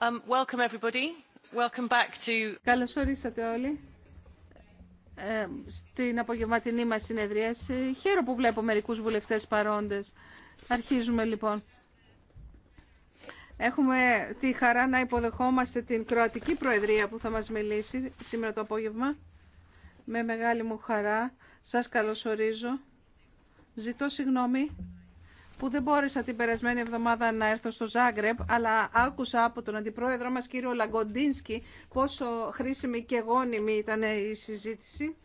Um, Καλώς ορίσατε όλοι ε, στην απογευματινή μας συνεδρίαση. Χαίρομαι που βλέπω μερικούς βουλευτές παρόντες. Αρχίζουμε λοιπόν. Έχουμε τη χαρά να υποδεχόμαστε την Κροατική Προεδρία που θα μας μιλήσει σήμερα το απόγευμα. Με μεγάλη μου χαρά σας καλωσορίζω. Ζητώ συγγνώμη που δεν μπόρεσα την περασμένη εβδομάδα να έρθω στο Ζάγκρεπ, αλλά άκουσα από τον αντιπρόεδρό μας κύριο Λαγκοντίνσκι πόσο χρήσιμη και γόνιμη ήταν η συζήτηση.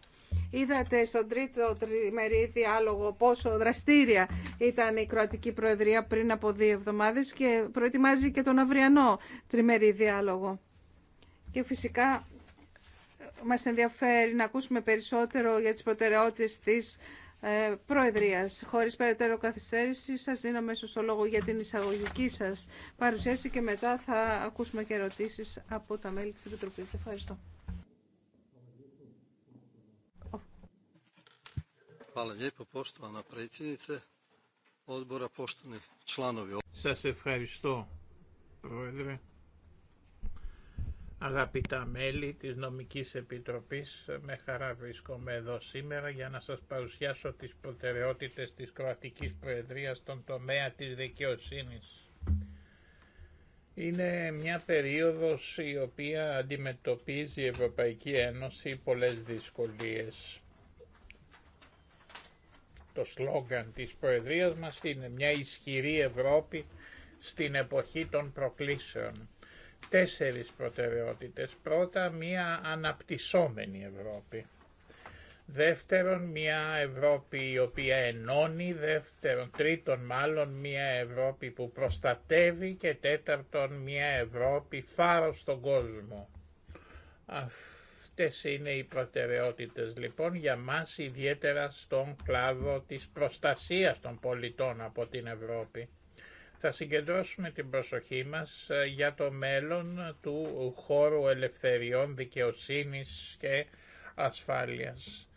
Είδατε στον τρίτο τριμερή διάλογο πόσο δραστήρια ήταν η Κροατική Προεδρία πριν από δύο εβδομάδες και προετοιμάζει και τον αυριανό τριμερή διάλογο. Και φυσικά ε, μας ενδιαφέρει να ακούσουμε περισσότερο για τις προτεραιότητες της ε, Προεδρίας. Χωρίς περαιτέρω καθυστέρηση σας δίνω μέσω στο λόγο για την εισαγωγική σας παρουσίαση και μετά θα ακούσουμε και ερωτήσεις από τα μέλη της Επιτροπής. Ευχαριστώ. Σας ευχαριστώ, Πρόεδρε. Αγαπητά μέλη της Νομικής Επιτροπής, με χαρά βρίσκομαι εδώ σήμερα για να σας παρουσιάσω τις προτεραιότητες της Κροατικής Προεδρίας στον τομέα της δικαιοσύνης. Είναι μια περίοδος η οποία αντιμετωπίζει η Ευρωπαϊκή Ένωση πολλές δυσκολίες. Το σλόγγαν της Προεδρίας μας είναι μια ισχυρή Ευρώπη στην εποχή των προκλήσεων τέσσερις προτεραιότητες. Πρώτα, μία αναπτυσσόμενη Ευρώπη. Δεύτερον, μια Ευρώπη η οποία ενώνει, δεύτερον, τρίτον μάλλον μια Ευρώπη που προστατεύει και τέταρτον μια Ευρώπη φάρος στον κόσμο. Αυτές είναι οι προτεραιότητες λοιπόν για μας ιδιαίτερα στον κλάδο της προστασίας των πολιτών από την Ευρώπη. Θα συγκεντρώσουμε την προσοχή μας ε, για το μέλλον του χώρου ελευθεριών, δικαιοσύνης και ασφάλειας.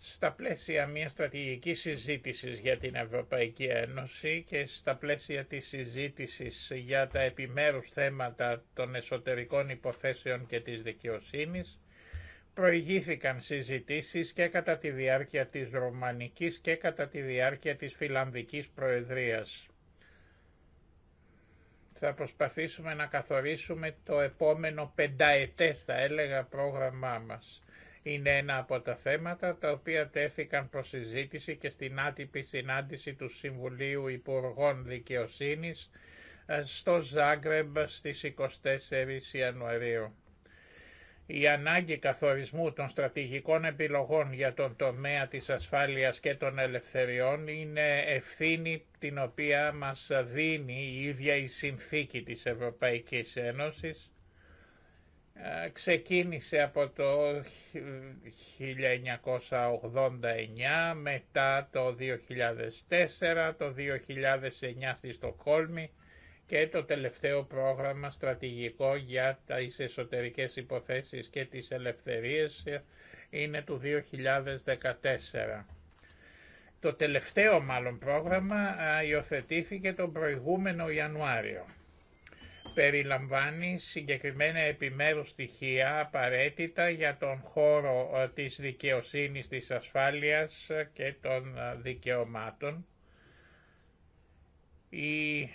Στα πλαίσια μιας στρατηγικής συζήτησης για την Ευρωπαϊκή Ένωση και στα πλαίσια της συζήτησης για τα επιμέρους θέματα των εσωτερικών υποθέσεων και της δικαιοσύνης, προηγήθηκαν συζητήσεις και κατά τη διάρκεια της Ρωμανικής και κατά τη διάρκεια της Φιλανδικής Προεδρίας θα προσπαθήσουμε να καθορίσουμε το επόμενο πενταετές θα έλεγα πρόγραμμά μας. Είναι ένα από τα θέματα τα οποία τέθηκαν προς συζήτηση και στην άτυπη συνάντηση του Συμβουλίου Υπουργών Δικαιοσύνης ε, στο Ζάγκρεμπ στις 24 Ιανουαρίου η ανάγκη καθορισμού των στρατηγικών επιλογών για τον τομέα της ασφάλειας και των ελευθεριών είναι ευθύνη την οποία μας δίνει η ίδια η συνθήκη της Ευρωπαϊκής Ένωσης. Ε, ξεκίνησε από το 1989, μετά το 2004, το 2009 στη Στοκόλμη και το τελευταίο πρόγραμμα στρατηγικό για τις εσωτερικές υποθέσεις και τις ελευθερίες είναι του 2014. Το τελευταίο μάλλον πρόγραμμα υιοθετήθηκε τον προηγούμενο Ιανουάριο. Περιλαμβάνει συγκεκριμένα επιμέρους στοιχεία απαραίτητα για τον χώρο της δικαιοσύνης, της ασφάλειας και των δικαιωμάτων. Η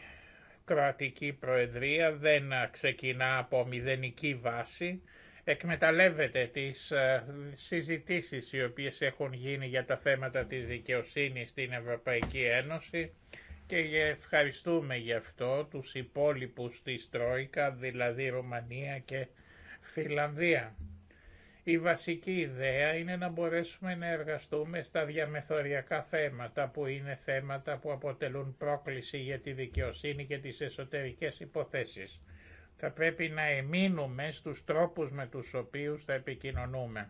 κροατική προεδρία δεν ξεκινά από μηδενική βάση, εκμεταλλεύεται τις ε, συζητήσεις οι οποίες έχουν γίνει για τα θέματα της δικαιοσύνης στην Ευρωπαϊκή Ένωση και ευχαριστούμε γι' αυτό τους υπόλοιπους της Τρόικα, δηλαδή Ρουμανία και Φιλανδία. Η βασική ιδέα είναι να μπορέσουμε να εργαστούμε στα διαμεθοριακά θέματα που είναι θέματα που αποτελούν πρόκληση για τη δικαιοσύνη και τις εσωτερικές υποθέσεις. Θα πρέπει να εμείνουμε στους τρόπους με τους οποίους θα επικοινωνούμε.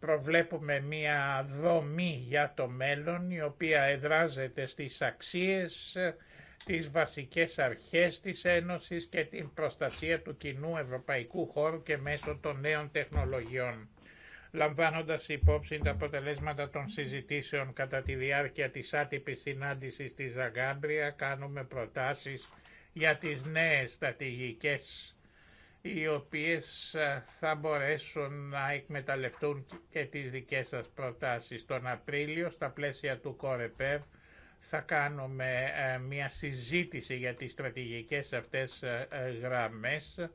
Προβλέπουμε μία δομή για το μέλλον η οποία εδράζεται στις αξίες, τις βασικές αρχές της Ένωσης και την προστασία του κοινού ευρωπαϊκού χώρου και μέσω των νέων τεχνολογιών. Λαμβάνοντας υπόψη τα αποτελέσματα των συζητήσεων κατά τη διάρκεια της άτυπης συνάντησης της Ζαγκάμπρια, κάνουμε προτάσεις για τις νέες στρατηγικές οι οποίες θα μπορέσουν να εκμεταλλευτούν και τις δικές σας προτάσεις. Τον Απρίλιο, στα πλαίσια του Κορεπέρ, θα κάνουμε ε, μια συζήτηση για τις στρατηγικές αυτές ε, ε, γραμμές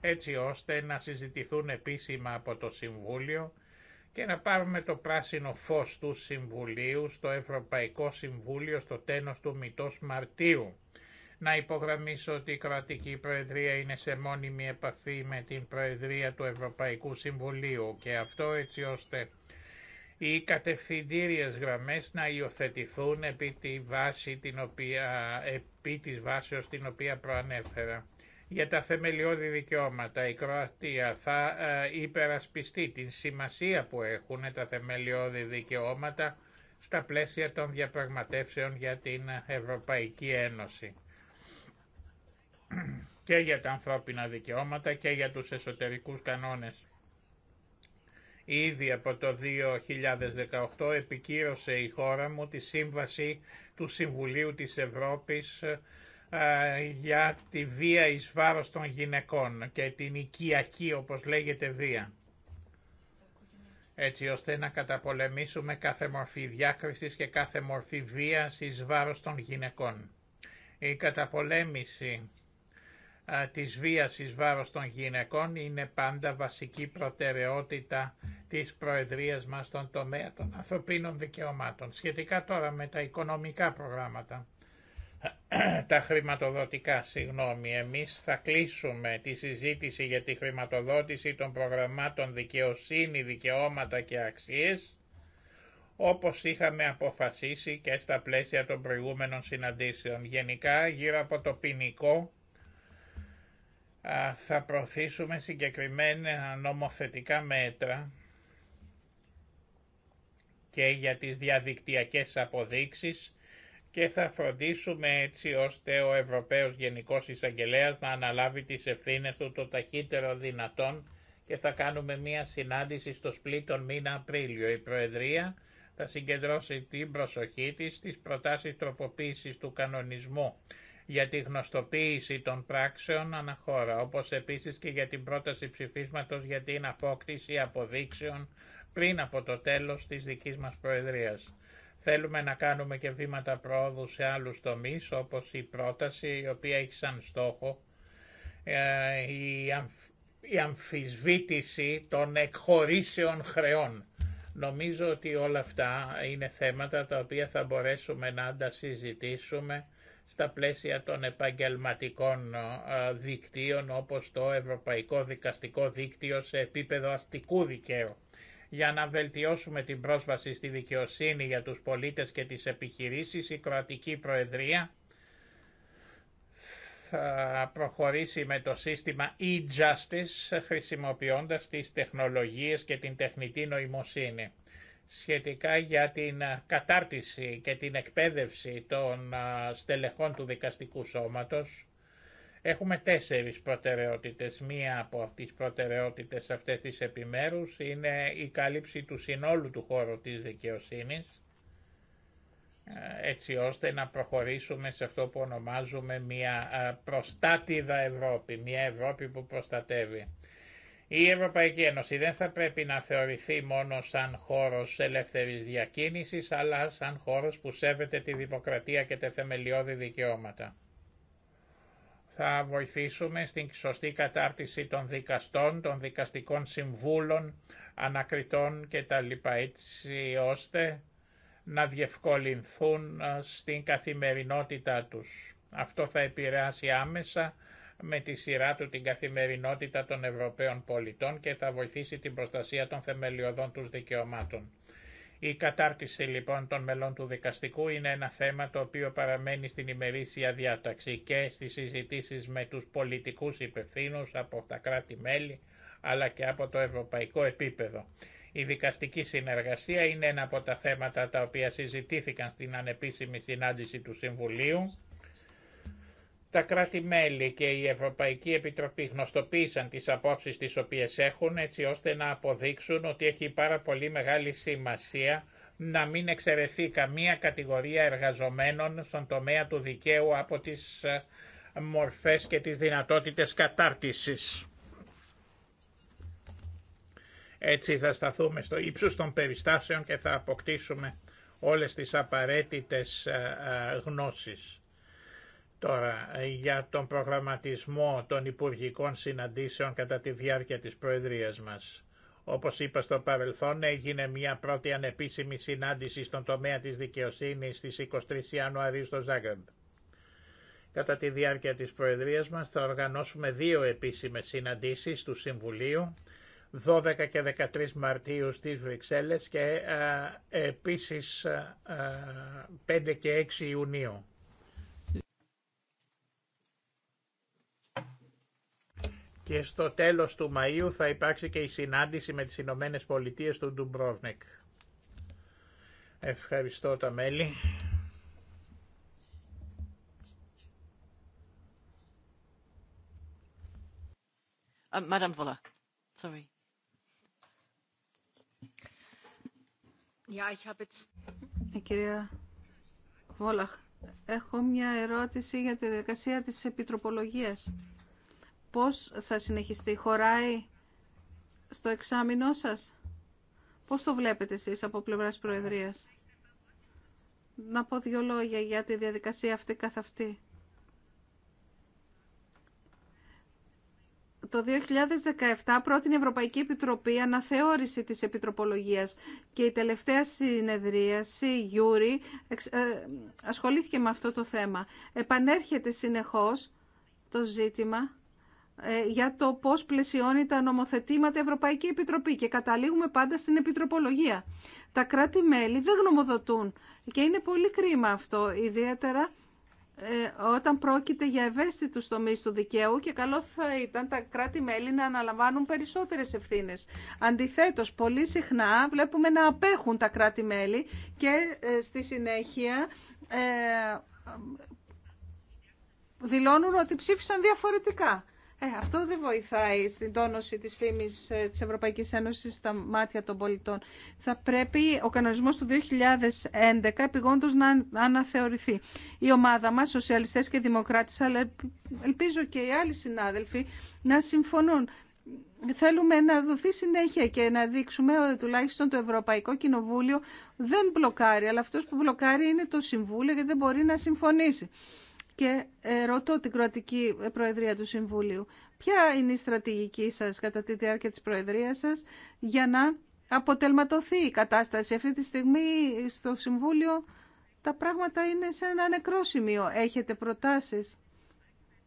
έτσι ώστε να συζητηθούν επίσημα από το Συμβούλιο και να πάρουμε το πράσινο φως του Συμβουλίου στο Ευρωπαϊκό Συμβούλιο στο τένος του μητός Μαρτίου. Να υπογραμμίσω ότι η κρατική προεδρία είναι σε μόνιμη επαφή με την προεδρία του Ευρωπαϊκού Συμβουλίου και αυτό έτσι ώστε οι κατευθυντήριες γραμμές να υιοθετηθούν επί, τη βάση την οποία, επί της βάσεως την οποία προανέφερα. Για τα θεμελιώδη δικαιώματα η Κροατία θα ε, υπερασπιστεί την σημασία που έχουν τα θεμελιώδη δικαιώματα στα πλαίσια των διαπραγματεύσεων για την Ευρωπαϊκή Ένωση και για τα ανθρώπινα δικαιώματα και για τους εσωτερικούς κανόνες. Ήδη από το 2018 επικύρωσε η χώρα μου τη σύμβαση του Συμβουλίου της Ευρώπης ε, για τη βία εις βάρος των γυναικών και την οικιακή όπως λέγεται βία έτσι ώστε να καταπολεμήσουμε κάθε μορφή διάκρισης και κάθε μορφή βίας εις βάρος των γυναικών. Η καταπολέμηση της βίας εις βάρος των γυναικών είναι πάντα βασική προτεραιότητα της Προεδρίας μας στον τομέα των ανθρωπίνων δικαιωμάτων. Σχετικά τώρα με τα οικονομικά προγράμματα, τα χρηματοδοτικά, συγγνώμη, εμείς θα κλείσουμε τη συζήτηση για τη χρηματοδότηση των προγραμμάτων δικαιοσύνη, δικαιώματα και αξίες, όπως είχαμε αποφασίσει και στα πλαίσια των προηγούμενων συναντήσεων. Γενικά, γύρω από το ποινικό, θα προωθήσουμε συγκεκριμένα νομοθετικά μέτρα και για τις διαδικτυακές αποδείξεις και θα φροντίσουμε έτσι ώστε ο Ευρωπαίος Γενικός Εισαγγελέας να αναλάβει τις ευθύνες του το ταχύτερο δυνατόν και θα κάνουμε μία συνάντηση στο σπλή τον μήνα Απρίλιο. Η Προεδρία θα συγκεντρώσει την προσοχή της στις προτάσεις τροποποίησης του κανονισμού για τη γνωστοποίηση των πράξεων αναχώρα, όπως επίσης και για την πρόταση ψηφίσματος για την απόκτηση αποδείξεων πριν από το τέλος της δικής μας Προεδρίας. Θέλουμε να κάνουμε και βήματα πρόοδου σε άλλους τομείς, όπως η πρόταση η οποία έχει σαν στόχο ε, η, αμφ, η αμφισβήτηση των εκχωρήσεων χρεών. Νομίζω ότι όλα αυτά είναι θέματα τα οποία θα μπορέσουμε να συζητήσουμε στα πλαίσια των επαγγελματικών ε, δικτύων όπως το Ευρωπαϊκό Δικαστικό Δίκτυο σε επίπεδο αστικού δικαίου. Για να βελτιώσουμε την πρόσβαση στη δικαιοσύνη για τους πολίτες και τις επιχειρήσεις, η Κροατική Προεδρία θα προχωρήσει με το σύστημα e-justice χρησιμοποιώντας τις τεχνολογίες και την τεχνητή νοημοσύνη σχετικά για την ε, κατάρτιση και την εκπαίδευση των ε, στελεχών του δικαστικού σώματος. Έχουμε τέσσερις προτεραιότητες. Μία από τις προτεραιότητες αυτές τις επιμέρους είναι η κάλυψη του συνόλου του χώρου της δικαιοσύνης, ε, έτσι ώστε να προχωρήσουμε σε αυτό που ονομάζουμε μια προστάτηδα Ευρώπη, μια Ευρώπη που προστατεύει. Η Ευρωπαϊκή Ένωση δεν θα πρέπει να θεωρηθεί μόνο σαν χώρος ελεύθερης διακίνησης, αλλά σαν χώρος που σέβεται τη δημοκρατία και τα θεμελιώδη δικαιώματα. Θα βοηθήσουμε στην σωστή κατάρτιση των δικαστών, των δικαστικών συμβούλων, ανακριτών κτλ. έτσι ώστε να διευκολυνθούν ε, στην καθημερινότητά τους. Αυτό θα επηρεάσει άμεσα με τη σειρά του την καθημερινότητα των Ευρωπαίων πολιτών και θα βοηθήσει την προστασία των θεμελιωδών τους δικαιωμάτων. Η κατάρτιση λοιπόν των μελών του δικαστικού είναι ένα θέμα το οποίο παραμένει στην ημερήσια διάταξη και στις συζητήσεις με τους πολιτικούς υπευθύνου, από τα κράτη-μέλη αλλά και από το ευρωπαϊκό επίπεδο. Η δικαστική συνεργασία είναι ένα από τα θέματα τα οποία συζητήθηκαν στην ανεπίσημη συνάντηση του Συμβουλίου τα κράτη-μέλη και η Ευρωπαϊκή Επιτροπή γνωστοποίησαν τις απόψεις τις οποίες έχουν έτσι ώστε να αποδείξουν ότι έχει πάρα πολύ μεγάλη σημασία να μην εξαιρεθεί καμία κατηγορία εργαζομένων στον τομέα του δικαίου από τις ε, μορφές και τις δυνατότητες κατάρτισης. Έτσι θα σταθούμε στο ύψος των περιστάσεων και θα αποκτήσουμε όλες τις απαραίτητες ε, ε, γνώσεις. Τώρα, ε, για τον προγραμματισμό των υπουργικών συναντήσεων κατά τη διάρκεια της Προεδρίας μας. Όπως είπα στο παρελθόν, έγινε μια πρώτη ανεπίσημη συνάντηση στον τομέα της δικαιοσύνης στις 23 Ιανουαρίου στο Ζάγκρεμπ. Κατά τη διάρκεια της Προεδρίας μας θα οργανώσουμε δύο επίσημες συναντήσεις του Συμβουλίου, 12 και 13 Μαρτίου στις Βρυξέλλες και α, ε, επίσης 5 ε, και 6 Ιουνίου. και στο τέλος του Μαΐου θα υπάρξει και η συνάντηση με τις Ηνωμένε Πολιτείες του Ντουμπρόβνεκ. Ευχαριστώ τα μέλη. Ε, Madame Sorry. Ε, κυρία Βόλαχ, έχω μια ερώτηση για τη διαδικασία της επιτροπολογίας πώς θα συνεχιστεί, χωράει στο εξάμεινό σας. Πώς το βλέπετε εσείς από πλευράς Προεδρίας. Να πω δύο λόγια για τη διαδικασία αυτή καθ' αυτή. Το 2017 πρότεινε η Ευρωπαϊκή Επιτροπή αναθεώρηση της επιτροπολογίας και η τελευταία συνεδρίαση, Γιούρι, ε, ασχολήθηκε με αυτό το θέμα. Επανέρχεται συνεχώς το ζήτημα ε, για το πώς πλαισιώνει τα νομοθετήματα Ευρωπαϊκή Επιτροπή και καταλήγουμε πάντα στην Επιτροπολογία. Τα κράτη-μέλη δεν γνωμοδοτούν και είναι πολύ κρίμα αυτό, ιδιαίτερα ε, όταν πρόκειται για ευαίσθητους τομείς του δικαίου και καλό θα ήταν τα κράτη-μέλη να αναλαμβάνουν περισσότερες ευθύνες. Αντιθέτως, πολύ συχνά βλέπουμε να απέχουν τα κράτη-μέλη και ε, στη συνέχεια δηλώνουν ότι ψήφισαν διαφορετικά. Ε, αυτό δεν βοηθάει στην τόνωση της φήμης ε, της Ευρωπαϊκής Ένωσης στα μάτια των πολιτών. Θα πρέπει ο κανονισμός του 2011 επιγόντως να αναθεωρηθεί. Η ομάδα μας, σοσιαλιστές και δημοκράτες, αλλά ελπίζω και οι άλλοι συνάδελφοι να συμφωνούν. Θέλουμε να δοθεί συνέχεια και να δείξουμε ότι τουλάχιστον το Ευρωπαϊκό Κοινοβούλιο δεν μπλοκάρει, αλλά αυτός που μπλοκάρει είναι το Συμβούλιο και δεν μπορεί να συμφωνήσει και ε, ρωτώ την Κροατική Προεδρία του Συμβουλίου. Ποια είναι η στρατηγική σας κατά τη διάρκεια της Προεδρίας σας για να αποτελματωθεί η κατάσταση. Αυτή τη στιγμή στο Συμβούλιο τα πράγματα είναι σε ένα νεκρό σημείο. Έχετε προτάσεις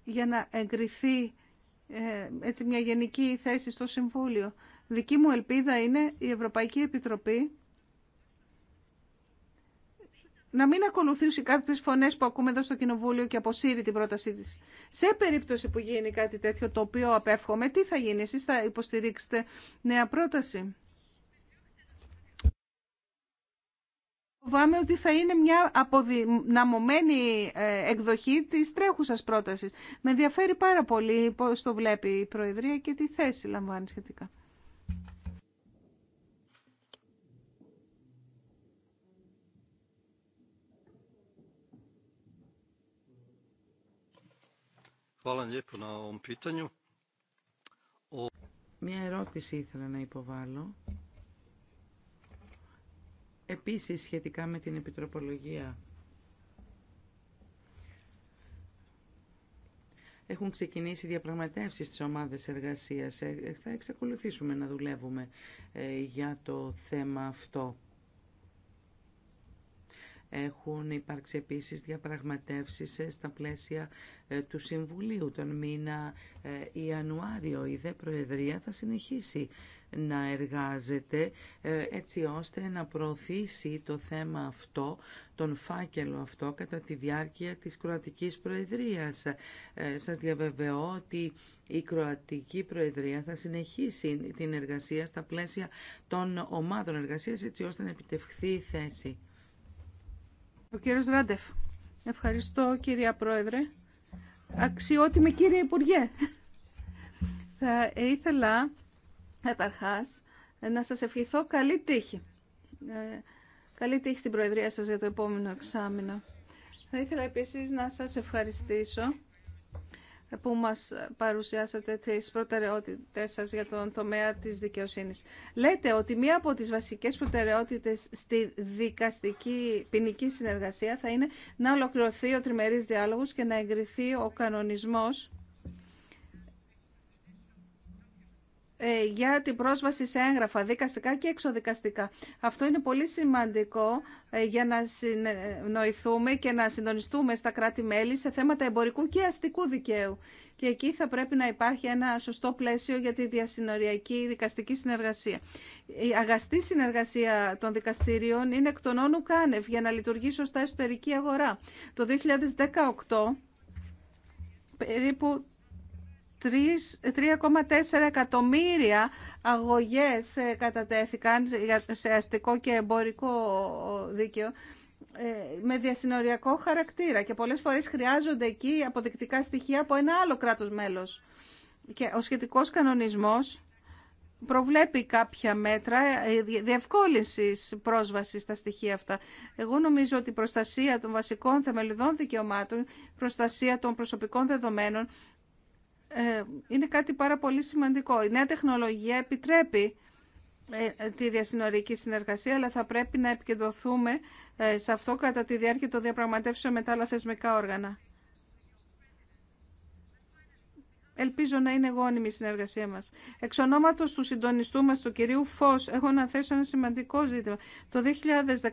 για να εγκριθεί ε, έτσι μια γενική θέση στο Συμβούλιο. Δική μου ελπίδα είναι η Ευρωπαϊκή Επιτροπή να μην ακολουθήσει κάποιες φωνές που ακούμε εδώ στο Κοινοβούλιο και αποσύρει την πρότασή της. Σε περίπτωση που γίνει κάτι τέτοιο το οποίο απέφχομαι, τι θα γίνει, εσείς θα υποστηρίξετε νέα πρόταση. Φοβάμαι ότι θα είναι μια αποδυναμωμένη ε, εκδοχή της τρέχουσας πρότασης. Με ενδιαφέρει πάρα πολύ πώς το βλέπει η Προεδρία και τι θέση λαμβάνει σχετικά. Hvala lijepo na ovom Μια ερώτηση ήθελα να υποβάλω. Επίσης σχετικά με την επιτροπολογία. Έχουν ξεκινήσει διαπραγματεύσεις στις ομάδες εργασίας. Ε, θα εξακολουθήσουμε να δουλεύουμε ε, για το θέμα αυτό. Έχουν υπάρξει επίσης διαπραγματεύσεις ε, στα πλαίσια ε, του Συμβουλίου τον μήνα ε, Ιανουάριο. Η ΔΕ Προεδρία θα συνεχίσει να εργάζεται έτσι ώστε να προωθήσει το θέμα αυτό, τον φάκελο αυτό κατά τη διάρκεια της Κροατικής Προεδρίας. Σας διαβεβαιώ ότι η Κροατική Προεδρία θα συνεχίσει την εργασία στα πλαίσια των ομάδων εργασίας έτσι ώστε να επιτευχθεί η θέση. Ο κύριος Ράντεφ. Ευχαριστώ κυρία Πρόεδρε. Αξιότιμη κύριε Υπουργέ. Θα ήθελα καταρχά να σας ευχηθώ καλή τύχη. Ε, καλή τύχη στην Προεδρία σας για το επόμενο εξάμεινο. Θα ήθελα επίσης να σας ευχαριστήσω που μας παρουσιάσατε τις προτεραιότητες σας για τον τομέα της δικαιοσύνης. Λέτε ότι μία από τις βασικές προτεραιότητες στη δικαστική ποινική συνεργασία θα είναι να ολοκληρωθεί ο τριμερής διάλογος και να εγκριθεί ο κανονισμός Ε, για την πρόσβαση σε έγγραφα, δικαστικά και εξοδικαστικά. Αυτό είναι πολύ σημαντικό ε, για να συνοηθούμε και να συντονιστούμε στα κράτη-μέλη σε θέματα εμπορικού και αστικού δικαίου. Και εκεί θα πρέπει να υπάρχει ένα σωστό πλαίσιο για τη διασυνοριακή δικαστική συνεργασία. Η αγαστή συνεργασία των δικαστηρίων είναι εκ των όνου κάνευ για να λειτουργεί σωστά εσωτερική αγορά. Το 2018 περίπου 3,4 εκατομμύρια αγωγές ε, κατατέθηκαν σε αστικό και εμπορικό δίκαιο ε, με διασυνοριακό χαρακτήρα και πολλές φορές χρειάζονται εκεί αποδεικτικά στοιχεία από ένα άλλο κράτος μέλος. Και ο σχετικός κανονισμός προβλέπει κάποια μέτρα ε, διευκόλυνσης πρόσβασης στα στοιχεία αυτά. Εγώ νομίζω ότι η προστασία των βασικών θεμελιδών δικαιωμάτων, προστασία των προσωπικών δεδομένων ε, είναι κάτι πάρα πολύ σημαντικό. Η νέα τεχνολογία επιτρέπει ε, ε, τη διασυνορική συνεργασία, αλλά θα πρέπει να επικεντρωθούμε σε αυτό κατά τη διάρκεια των διαπραγματεύσεων με τα άλλα θεσμικά όργανα. Ελπίζω να είναι γόνιμη η συνεργασία μας. Εξ ονόματος του συντονιστού μας, του κυρίου Φως, έχω να θέσω ένα σημαντικό ζήτημα. Το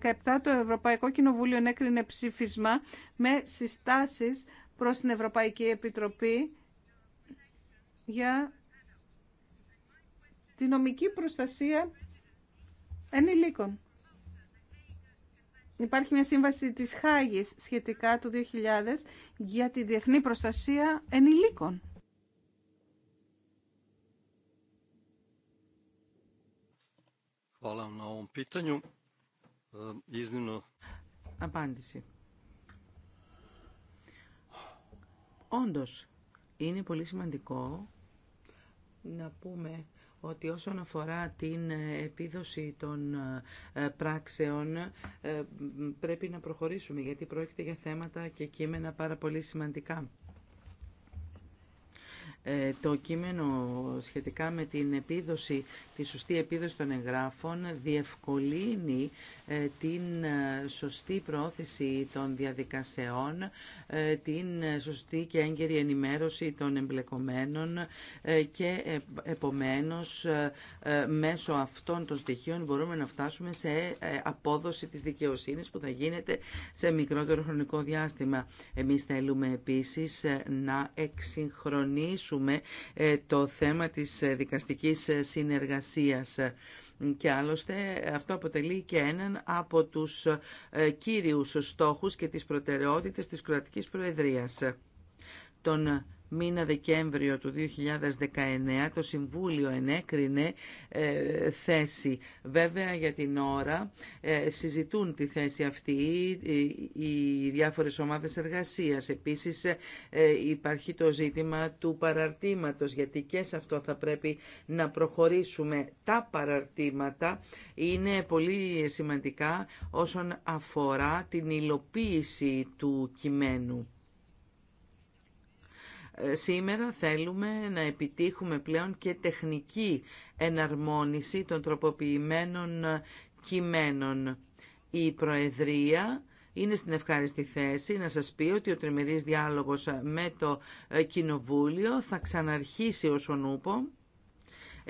2017 το Ευρωπαϊκό Κοινοβούλιο έκρινε ψήφισμα με συστάσεις προς την Ευρωπαϊκή Επιτροπή για τη νομική προστασία ενηλίκων. Υπάρχει μια σύμβαση της Χάγης σχετικά του 2000 για τη διεθνή προστασία ενηλίκων. E, Απάντηση. Όντως, είναι πολύ σημαντικό να πούμε ότι όσον αφορά την επίδοση των ε, πράξεων ε, πρέπει να προχωρήσουμε γιατί πρόκειται για θέματα και κείμενα πάρα πολύ σημαντικά. Ε, το κείμενο σχετικά με την επίδοση, τη σωστή επίδοση των εγγράφων διευκολύνει ε, την ε, σωστή πρόθεση των διαδικασεών, ε, την σωστή και έγκαιρη ενημέρωση των εμπλεκομένων και επομένως μέσω αυτών των στοιχείων μπορούμε να φτάσουμε σε απόδοση της δικαιοσύνης που θα γίνεται σε μικρότερο χρονικό διάστημα. Εμείς θέλουμε επίσης να εξυγχρονίσουμε το θέμα της δικαστικής συνεργασίας και άλλωστε αυτό αποτελεί και έναν από τους ε, κύριους στόχους και τις προτεραιότητες της κρατικής Προεδρίας. Τον μήνα Δεκέμβριο του 2019 το Συμβούλιο ενέκρινε ε, θέση. Βέβαια για την ώρα ε, συζητούν τη θέση αυτή ε, οι διάφορες ομάδες εργασίας. Επίσης υπάρχει το ζήτημα του παραρτήματος γιατί και σε αυτό θα πρέπει να προχωρήσουμε. Τα παραρτήματα είναι πολύ σημαντικά όσον αφορά την υλοποίηση του κειμένου. Ε, σήμερα θέλουμε να επιτύχουμε πλέον και τεχνική εναρμόνιση των τροποποιημένων ε, κειμένων. Η Προεδρία είναι στην ευχάριστη θέση να σας πει ότι ο τριμερής διάλογος με το ε, Κοινοβούλιο θα ξαναρχίσει ως ο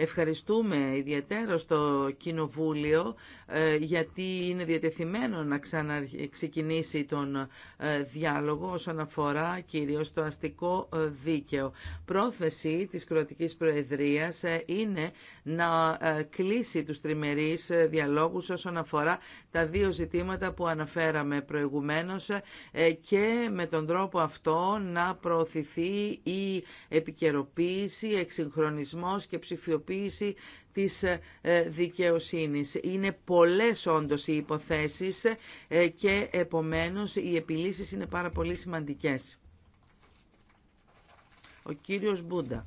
Ευχαριστούμε ιδιαίτερα στο Κοινοβούλιο ε, γιατί είναι διατεθειμένο να ξαναξεκινήσει τον ε, διάλογο όσον αφορά κυρίως το αστικό ε, δίκαιο. Πρόθεση της Κροατικής Προεδρίας είναι να κλείσει τους τριμερείς διαλόγους όσον αφορά τα δύο ζητήματα που αναφέραμε προηγουμένως και με τον τρόπο αυτό να προωθηθεί η επικαιροποίηση, εξυγχρονισμός και ψηφιοποίηση Τη της ε, δικαιοσύνης. Είναι πολλές όντως οι υποθέσεις ε, και επομένως οι επιλύσεις είναι πάρα πολύ σημαντικές. Ο κύριος Μπούντα.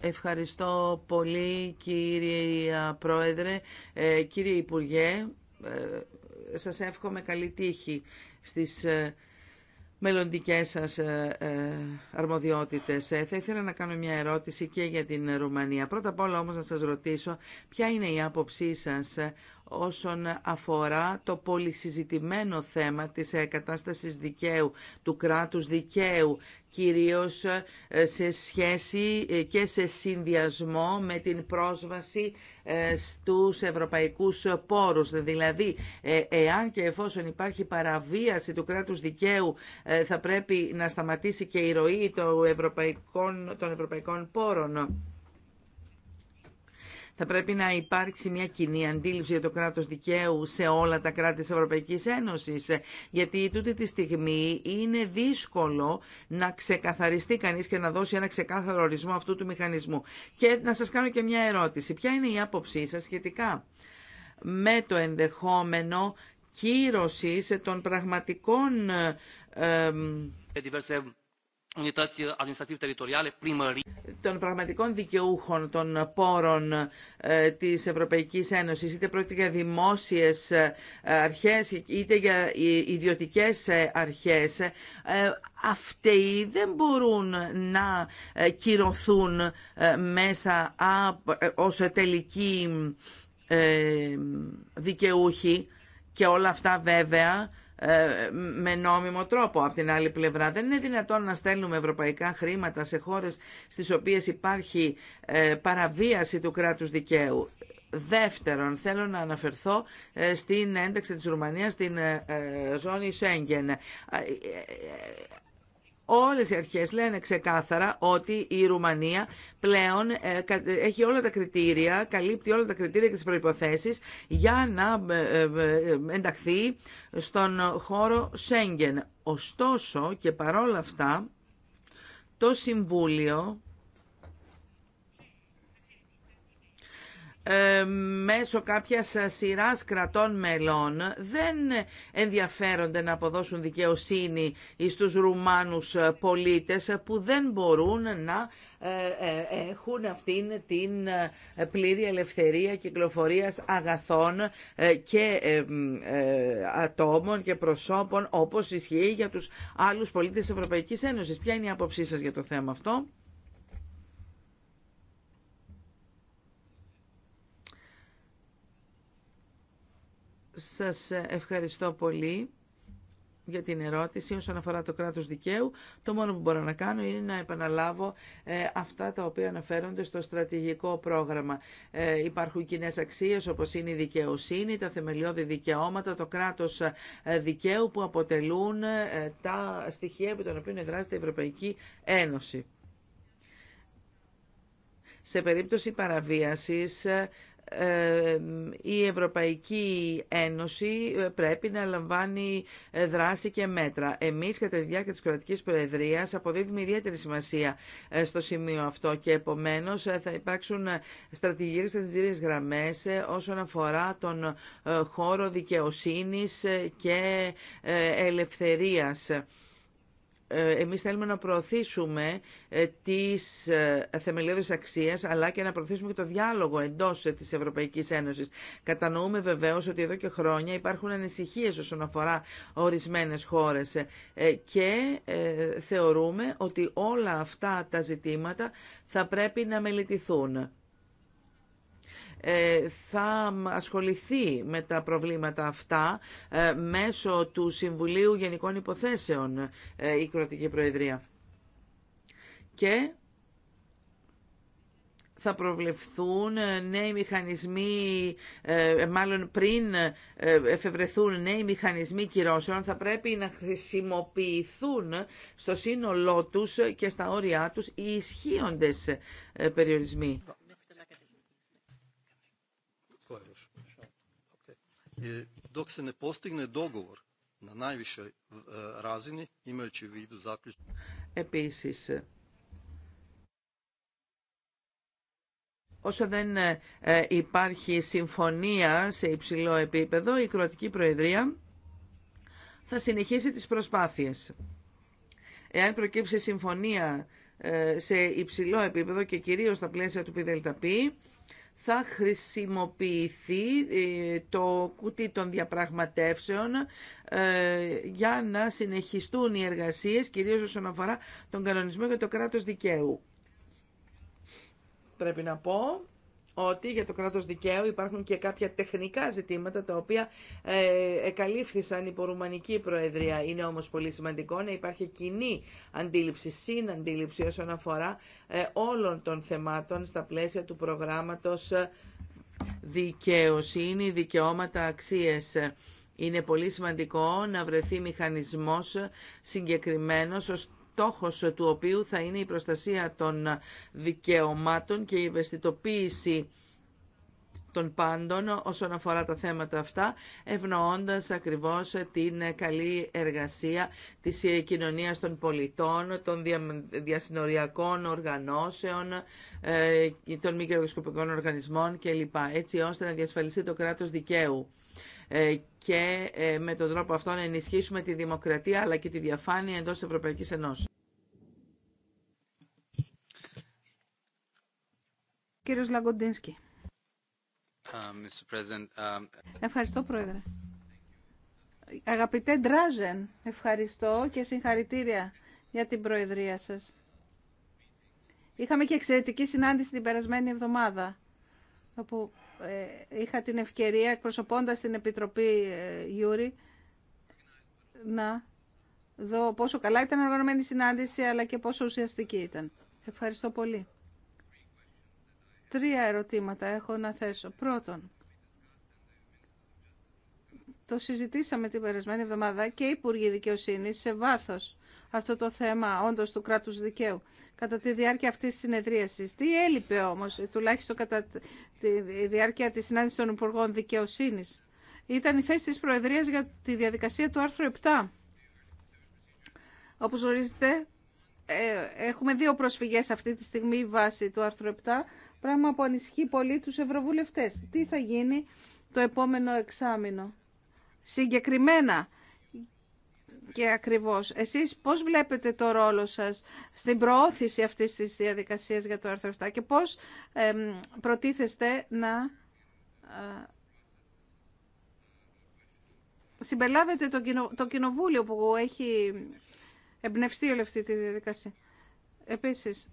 Ευχαριστώ πολύ κύριε Πρόεδρε, ε, κύριε Υπουργέ, σας εύχομαι καλή τύχη στις μελλοντικές σας ε, ε, αρμοδιότητες. Ε, θα ήθελα να κάνω μια ερώτηση και για την Ρουμανία. Πρώτα απ' όλα όμως να σας ρωτήσω ποια είναι η άποψή σας όσον αφορά το πολυσυζητημένο θέμα της ε, κατάστασης δικαίου, του κράτους δικαίου, κυρίως ε, σε σχέση ε, και σε συνδυασμό με την πρόσβαση στους ευρωπαϊκούς πόρους. Δηλαδή, εάν και εφόσον υπάρχει παραβίαση του κράτους δικαίου, θα πρέπει να σταματήσει και η ροή ευρωπαϊκών, των ευρωπαϊκών πόρων. Θα πρέπει να υπάρξει μια κοινή αντίληψη για το κράτος δικαίου σε όλα τα κράτη της Ευρωπαϊκής Ένωσης, γιατί τούτη τη στιγμή είναι δύσκολο να ξεκαθαριστεί κανείς και να δώσει ένα ξεκάθαρο ορισμό αυτού του μηχανισμού. Και να σας κάνω και μια ερώτηση. Ποια είναι η άποψή σας σχετικά με το ενδεχόμενο κύρωσης των πραγματικών... Ε, ε των πραγματικών δικαιούχων των πόρων ε, της Ευρωπαϊκής Ένωσης, είτε πρόκειται για δημόσιε ε, αρχέ, είτε για ιδιωτικέ ε, αρχέ, ε, αυτοί δεν μπορούν να κυρωθούν μέσα ω ως τελικοί δικαιούχοι και όλα αυτά βέβαια ε, με νόμιμο τρόπο. Από την άλλη πλευρά δεν είναι δυνατόν να στέλνουμε ευρωπαϊκά χρήματα σε χώρες στις οποίες υπάρχει ε, παραβίαση του κράτους δικαίου. Δεύτερον, θέλω να αναφερθώ ε, στην ένταξη της Ρουμανίας στην ζώνη Σέγγεν όλες οι αρχές λένε ξεκάθαρα ότι η Ρουμανία πλέον ε, έχει όλα τα κριτήρια, καλύπτει όλα τα κριτήρια και τις προϋποθέσεις για να ε, ε, ενταχθεί στον χώρο Σέγγεν. Ωστόσο και παρόλα αυτά το Συμβούλιο Ε, μέσω κάποιας σειράς κρατών μελών δεν ενδιαφέρονται να αποδώσουν δικαιοσύνη στους Ρουμάνους πολίτες που δεν μπορούν να ε, ε, έχουν αυτήν την πλήρη ελευθερία κυκλοφορίας αγαθών και ατόμων και προσώπων όπως ισχύει για τους άλλους πολίτες της Ευρωπαϊκής Ένωσης. Ποια είναι η άποψή σας για το θέμα αυτό? Σας ευχαριστώ πολύ για την ερώτηση όσον αφορά το κράτος δικαίου. Το μόνο που μπορώ να κάνω είναι να επαναλάβω ε, αυτά τα οποία αναφέρονται στο στρατηγικό πρόγραμμα. Ε, υπάρχουν κοινέ αξίες όπως είναι η δικαιοσύνη, τα θεμελιώδη δικαιώματα, το κράτος ε, δικαίου που αποτελούν τα στοιχεία από των οποία εδράζεται η Ευρωπαϊκή Ένωση. Σε περίπτωση παραβίασης η Ευρωπαϊκή Ένωση ε, πρέπει να λαμβάνει ε, δράση και μέτρα. Εμείς κατά τη διάρκεια της κρατικής προεδρίας αποδίδουμε ιδιαίτερη σημασία ε, στο σημείο αυτό και επομένως θα υπάρξουν στρατηγικές στρατηγικές γραμμές όσον αφορά τον χώρο δικαιοσύνης και ελευθερίας ε, εμείς θέλουμε να προωθήσουμε ε, τις ε, θεμελιώδεις αξίες αλλά και να προωθήσουμε και το διάλογο εντός της Ευρωπαϊκής Ένωσης. Κατανοούμε βεβαίως ότι εδώ και χρόνια υπάρχουν ανησυχίες όσον αφορά ορισμένες χώρες και θεωρούμε ότι όλα αυτά τα ζητήματα θα πρέπει να μελετηθούν. Ε, θα ασχοληθεί με τα προβλήματα αυτά ε, μέσω του Συμβουλίου Γενικών Υποθέσεων ε, η κροτική Προεδρία. Και θα προβλεφθούν νέοι μηχανισμοί, μάλλον πριν εφευρεθούν νέοι μηχανισμοί κυρώσεων, θα πρέπει να χρησιμοποιηθούν στο σύνολό τους και στα όρια τους οι ισχύοντες περιορισμοί. dok Επίσης, όσο δεν ε, ε, υπάρχει συμφωνία σε υψηλό επίπεδο, η Κροατική Προεδρία θα συνεχίσει τις προσπάθειες. Εάν προκύψει συμφωνία ε, σε υψηλό επίπεδο και κυρίως στα πλαίσια του πιδελταπή θα χρησιμοποιηθεί ε, το κουτί των διαπραγματεύσεων ε, για να συνεχιστούν οι εργασίες, κυρίως όσον αφορά τον κανονισμό για το κράτος δικαίου. Πρέπει να πω ότι για το κράτος δικαίου υπάρχουν και κάποια τεχνικά ζητήματα τα οποία ε, εκαλύφθησαν υπό Ρουμανική Προεδρία. Είναι όμως πολύ σημαντικό να υπάρχει κοινή αντίληψη, συναντήληψη όσον αφορά ε, όλων των θεμάτων στα πλαίσια του προγράμματος ε, δικαιοσύνη, δικαιώματα, αξίες. Είναι πολύ σημαντικό να βρεθεί μηχανισμός συγκεκριμένος στόχος του οποίου θα είναι η προστασία των δικαιωμάτων και η ευαισθητοποίηση των πάντων όσον αφορά τα θέματα αυτά, ευνοώντας ακριβώς την καλή εργασία της κοινωνίας των πολιτών, των διασυνοριακών οργανώσεων, ε, των μη κερδοσκοπικών οργανισμών κλπ. Έτσι ώστε να διασφαλιστεί το κράτος δικαίου. Ε, και ε, με τον τρόπο αυτό να ενισχύσουμε τη δημοκρατία αλλά και τη διαφάνεια εντός της Ευρωπαϊκής Ενώσης. Κύριος Λαγκοντίνσκι. Ε, ευχαριστώ, Πρόεδρε. Αγαπητέ Ντράζεν, ευχαριστώ και συγχαρητήρια για την Προεδρία σας. Είχαμε και εξαιρετική συνάντηση την περασμένη εβδομάδα, όπου ε, είχα την ευκαιρία εκπροσωπώντας την Επιτροπή ε, Γιούρη να δω πόσο καλά ήταν οργανωμένη η συνάντηση αλλά και πόσο ουσιαστική ήταν. Ευχαριστώ πολύ. Τρία ερωτήματα έχω να θέσω. Πρώτον, το συζητήσαμε την περασμένη εβδομάδα και οι Υπουργοί Δικαιοσύνη σε βάθος αυτό το θέμα όντω του κράτους δικαίου κατά τη διάρκεια αυτής τη συνεδρίασης. Τι έλειπε όμως, ε, τουλάχιστον κατά τη διάρκεια της συνάντησης των Υπουργών Δικαιοσύνη. Ήταν η θέση της Προεδρίας για τη διαδικασία του άρθρου 7. Όπω γνωρίζετε, ε, έχουμε δύο προσφυγές αυτή τη στιγμή βάση του άρθρου 7, πράγμα που ανησυχεί πολύ τους ευρωβουλευτές. Τι θα γίνει το επόμενο εξάμεινο. Συγκεκριμένα, και ακριβώς. Εσείς πώς βλέπετε το ρόλο σας στην προώθηση αυτής της διαδικασίας για το άρθρο 7 και πώς προτίθεστε να ε, συμπεριλάβετε το κοινοβούλιο που έχει εμπνευστεί όλη αυτή τη διαδικασία. Επίσης,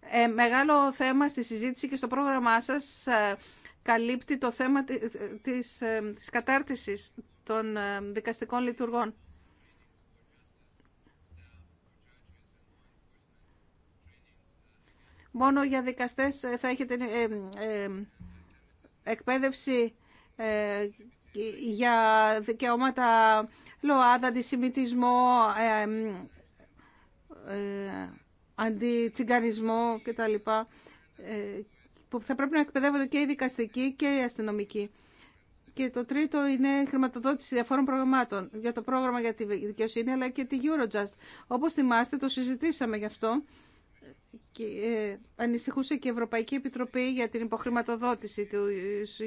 ε, μεγάλο θέμα στη συζήτηση και στο πρόγραμμά σας ε, καλύπτει το θέμα της, της κατάρτισης των ε, δικαστικών λειτουργών. Μόνο για δικαστές ε, θα έχετε ε, εκπαίδευση για δικαιώματα ΛΟΑΔ, αντισημιτισμό, αντιτσιγκανισμό κτλ. Που θα πρέπει να εκπαιδεύονται και οι δικαστικοί και οι αστυνομικοί. Και το τρίτο είναι χρηματοδότηση διαφόρων προγραμμάτων για το πρόγραμμα για τη δικαιοσύνη αλλά και τη Eurojust. Όπως θυμάστε το συζητήσαμε γι' αυτό και ε, ανησυχούσε και η Ευρωπαϊκή Επιτροπή για την υποχρηματοδότηση του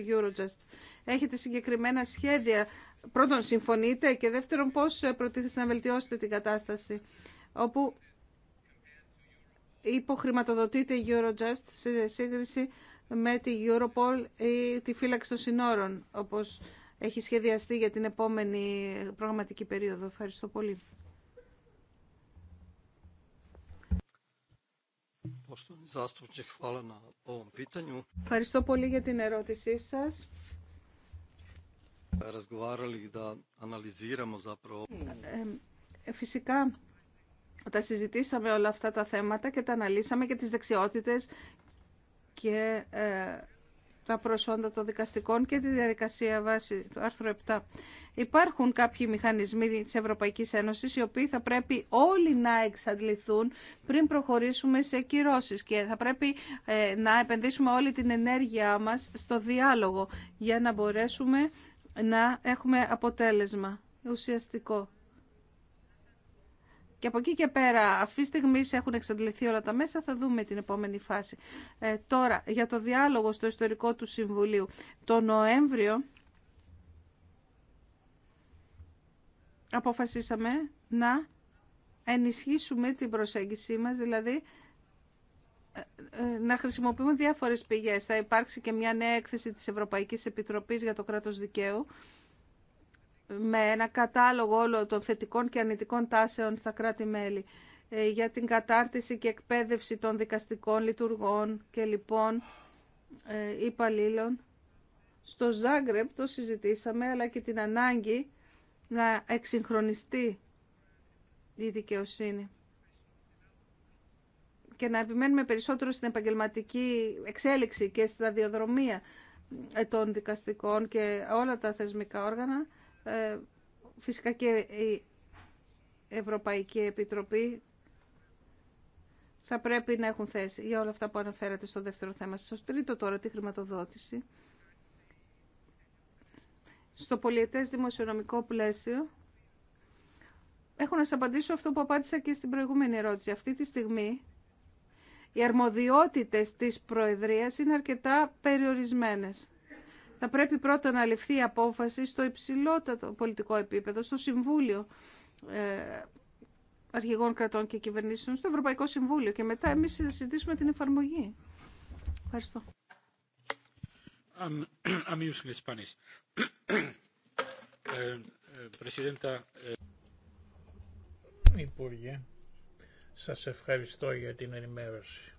Eurojust. Έχετε συγκεκριμένα σχέδια. Πρώτον, συμφωνείτε και δεύτερον, πώς προτίθεστε να βελτιώσετε την κατάσταση όπου υποχρηματοδοτείται η Eurojust σε σύγκριση με τη Europol ή τη φύλαξη των συνόρων, όπως έχει σχεδιαστεί για την επόμενη προγραμματική περίοδο. Ευχαριστώ πολύ. Ευχαριστώ πολύ για την ερώτησή σας. Ε, ε, φυσικά τα συζητήσαμε όλα αυτά τα θέματα και τα αναλύσαμε και τις δεξιότητες και ε, τα προσόντα των δικαστικών και τη διαδικασία βάση του άρθρου 7. Υπάρχουν κάποιοι μηχανισμοί της Ευρωπαϊκής Ένωσης οι οποίοι θα πρέπει όλοι να εξαντληθούν πριν προχωρήσουμε σε κυρώσεις και θα πρέπει ε, να επενδύσουμε όλη την ενέργειά μας στο διάλογο για να μπορέσουμε να έχουμε αποτέλεσμα ουσιαστικό. Και από εκεί και πέρα, αυτή τη στιγμή έχουν εξαντληθεί όλα τα μέσα, θα δούμε την επόμενη φάση. Ε, τώρα, για το διάλογο στο ιστορικό του Συμβουλίου. Το Νοέμβριο αποφασίσαμε να ενισχύσουμε την προσέγγιση μας, δηλαδή ε, ε, να χρησιμοποιούμε διάφορες πηγές. Θα υπάρξει και μια νέα έκθεση της Ευρωπαϊκής Επιτροπής για το κράτος δικαίου με ένα κατάλογο όλων των θετικών και αρνητικών τάσεων στα κράτη-μέλη ε, για την κατάρτιση και εκπαίδευση των δικαστικών λειτουργών και λοιπόν υπαλλήλων. Στο Ζάγκρεπ το συζητήσαμε, αλλά και την ανάγκη να εξυγχρονιστεί η δικαιοσύνη και να επιμένουμε περισσότερο στην επαγγελματική εξέλιξη και στα διοδρομία ε, των δικαστικών και όλα τα θεσμικά όργανα ε, φυσικά και η Ευρωπαϊκή Επιτροπή θα πρέπει να έχουν θέση για όλα αυτά που αναφέρατε στο δεύτερο θέμα. Στο τρίτο τώρα, τη χρηματοδότηση. Στο πολιετές δημοσιονομικό πλαίσιο, έχω να σας απαντήσω αυτό που απάντησα και στην προηγούμενη ερώτηση. Αυτή τη στιγμή, οι αρμοδιότητες της Προεδρίας είναι αρκετά περιορισμένες θα πρέπει πρώτα να ληφθεί η απόφαση στο υψηλότατο πολιτικό επίπεδο, στο Συμβούλιο ε, Αρχηγών Κρατών και Κυβερνήσεων, στο Ευρωπαϊκό Συμβούλιο και μετά εμείς θα συζητήσουμε την εφαρμογή. Ευχαριστώ. Ε, ε, Υπουργέ, σας ευχαριστώ για την ενημέρωση.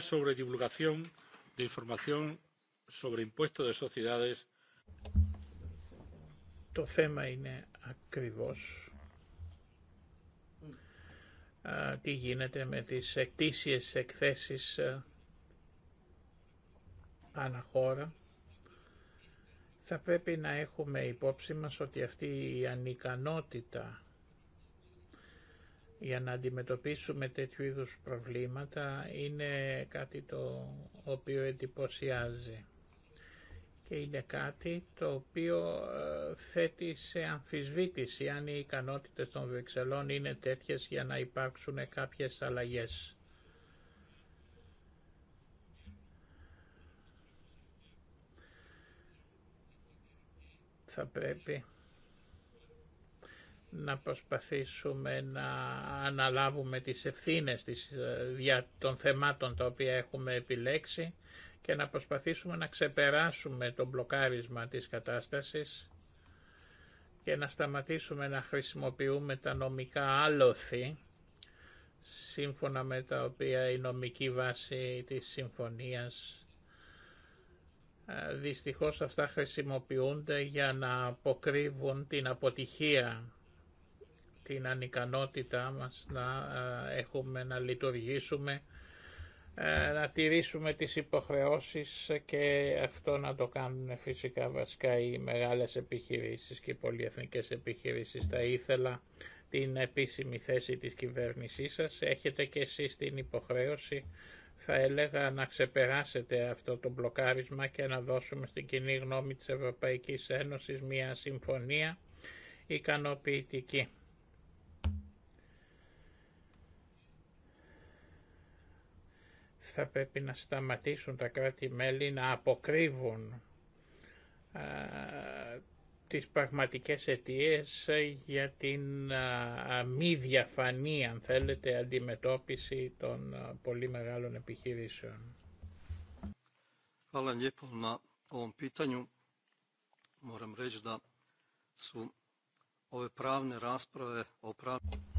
sobre divulgación de información sobre Το θέμα είναι ακριβώς τι γίνεται με τις εκτίσιες εκθέσεις αναχώρα. Θα πρέπει να έχουμε υπόψη μας ότι αυτή η ανικανότητα για να αντιμετωπίσουμε τέτοιου είδους προβλήματα είναι κάτι το οποίο εντυπωσιάζει και είναι κάτι το οποίο ε, θέτει σε αμφισβήτηση αν οι ικανότητες των Βεξελών είναι τέτοιες για να υπάρξουν κάποιες αλλαγές. Θα πρέπει να προσπαθήσουμε να αναλάβουμε τις ευθύνες της, για ε, των θεμάτων τα οποία έχουμε επιλέξει και να προσπαθήσουμε να ξεπεράσουμε το μπλοκάρισμα της κατάστασης και να σταματήσουμε να χρησιμοποιούμε τα νομικά άλοθη σύμφωνα με τα οποία η νομική βάση της συμφωνίας ε, δυστυχώς αυτά χρησιμοποιούνται για να αποκρύβουν την αποτυχία την ανικανότητά μας να ε, έχουμε να λειτουργήσουμε, ε, να τηρήσουμε τις υποχρεώσεις και αυτό να το κάνουν φυσικά βασικά οι μεγάλες επιχειρήσεις και οι πολυεθνικές επιχειρήσεις. Θα ήθελα την επίσημη θέση της κυβέρνησής σας. Έχετε και εσείς την υποχρέωση θα έλεγα να ξεπεράσετε αυτό το μπλοκάρισμα και να δώσουμε στην κοινή γνώμη της Ευρωπαϊκής Ένωσης μια συμφωνία ικανοποιητική. θα πρέπει να σταματήσουν τα κράτη-μέλη να αποκρύβουν α, τις πραγματικές αιτίες για την α, μη διαφανή, αν θέλετε, αντιμετώπιση των α, πολύ μεγάλων επιχειρήσεων. Hvala lijepo na ovom pitanju. Moram reći da su ove pravne rasprave o pravnim...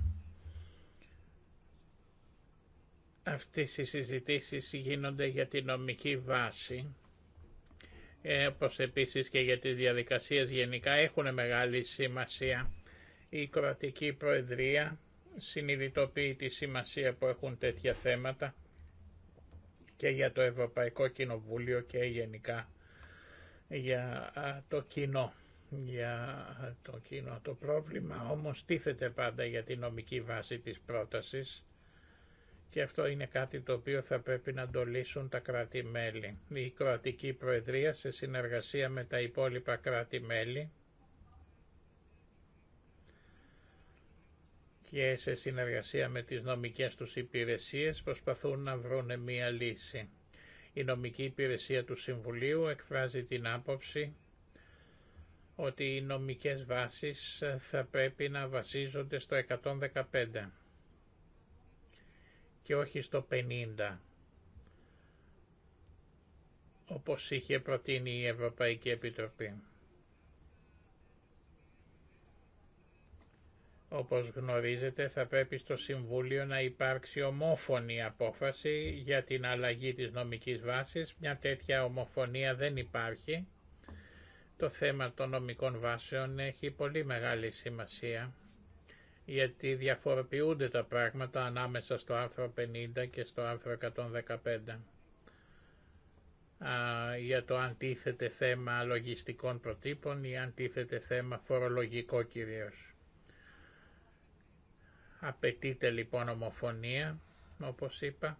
Αυτές οι συζητήσεις γίνονται για την νομική βάση, ε, όπως επίσης και για τις διαδικασίες γενικά έχουν μεγάλη σημασία. Η κρατική Προεδρία συνειδητοποιεί τη σημασία που έχουν τέτοια θέματα και για το Ευρωπαϊκό Κοινοβούλιο και γενικά για το κοινό. Για το κοινό. Το πρόβλημα όμως τίθεται πάντα για τη νομική βάση της πρότασης και αυτό είναι κάτι το οποίο θα πρέπει να το λύσουν τα κράτη-μέλη. Η Κροατική Προεδρία σε συνεργασία με τα υπόλοιπα κράτη-μέλη και σε συνεργασία με τις νομικές τους υπηρεσίες προσπαθούν να βρουν μία λύση. Η νομική υπηρεσία του Συμβουλίου εκφράζει την άποψη ότι οι νομικές βάσεις θα πρέπει να βασίζονται στο 115 και όχι στο 50 όπως είχε προτείνει η Ευρωπαϊκή Επιτροπή. Όπως γνωρίζετε θα πρέπει στο Συμβούλιο να υπάρξει ομόφωνη απόφαση για την αλλαγή της νομικής βάσης. Μια τέτοια ομοφωνία δεν υπάρχει. Το θέμα των νομικών βάσεων έχει πολύ μεγάλη σημασία γιατί διαφοροποιούνται τα πράγματα ανάμεσα στο άρθρο 50 και στο άρθρο 115 για το αν θέμα λογιστικών προτύπων ή αν θέμα φορολογικό κυρίως. Απαιτείται λοιπόν ομοφωνία, όπως είπα,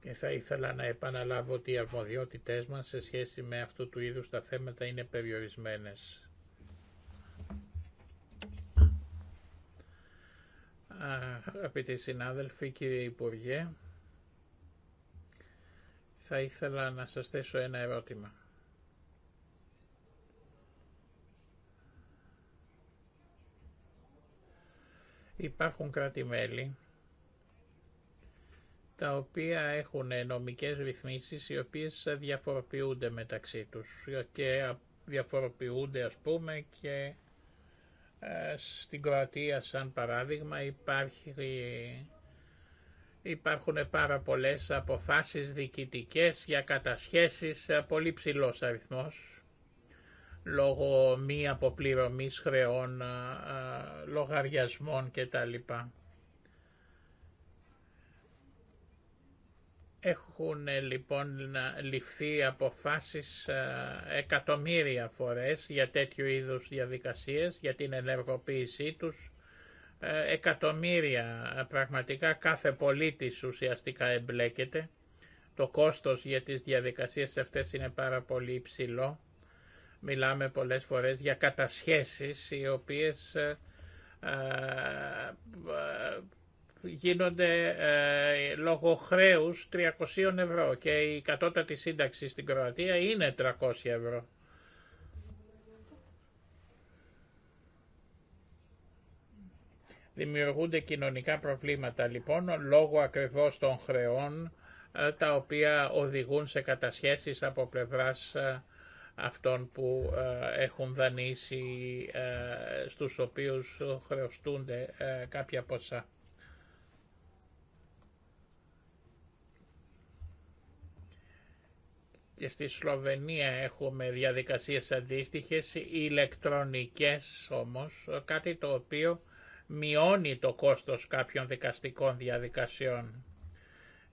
και θα ήθελα να επαναλάβω ότι οι αρμοδιότητές μας σε σχέση με αυτού του είδους τα θέματα είναι περιορισμένες. Αγαπητοί συνάδελφοι, κύριε Υπουργέ, θα ήθελα να σας θέσω ένα ερώτημα. Υπάρχουν κράτη-μέλη τα οποία έχουν νομικές ρυθμίσεις οι οποίες διαφοροποιούνται μεταξύ τους και διαφοροποιούνται ας πούμε και ε, στην Κροατία σαν παράδειγμα υπάρχει, υπάρχουν πάρα πολλές αποφάσεις διοικητικές για κατασχέσεις πολύ ψηλός αριθμός λόγω μη αποπληρωμής χρεών, ε, ε, λογαριασμών κτλ. Έχουν ε, λοιπόν ληφθεί αποφάσεις ε, εκατομμύρια φορές για τέτοιου είδους διαδικασίες, για την ενεργοποίησή τους. Ε, εκατομμύρια πραγματικά κάθε πολίτης ουσιαστικά εμπλέκεται. Το κόστος για τις διαδικασίες αυτές είναι πάρα πολύ υψηλό. Μιλάμε πολλές φορές για κατασχέσεις οι οποίες γίνονται ε, λόγω χρέους 300 ευρώ και η κατώτατη σύνταξη στην Κροατία είναι 300 ευρώ. Δημιουργούνται κοινωνικά προβλήματα λοιπόν λόγω ακριβώς των χρεών ε, τα οποία οδηγούν σε κατασχέσεις από πλευράς ε, αυτών που έχουν δανείσει, στους οποίους χρεωστούνται κάποια ποσά. στη Σλοβενία έχουμε διαδικασίες αντίστοιχες, ηλεκτρονικές όμως, κάτι το οποίο μειώνει το κόστος κάποιων δικαστικών διαδικασιών.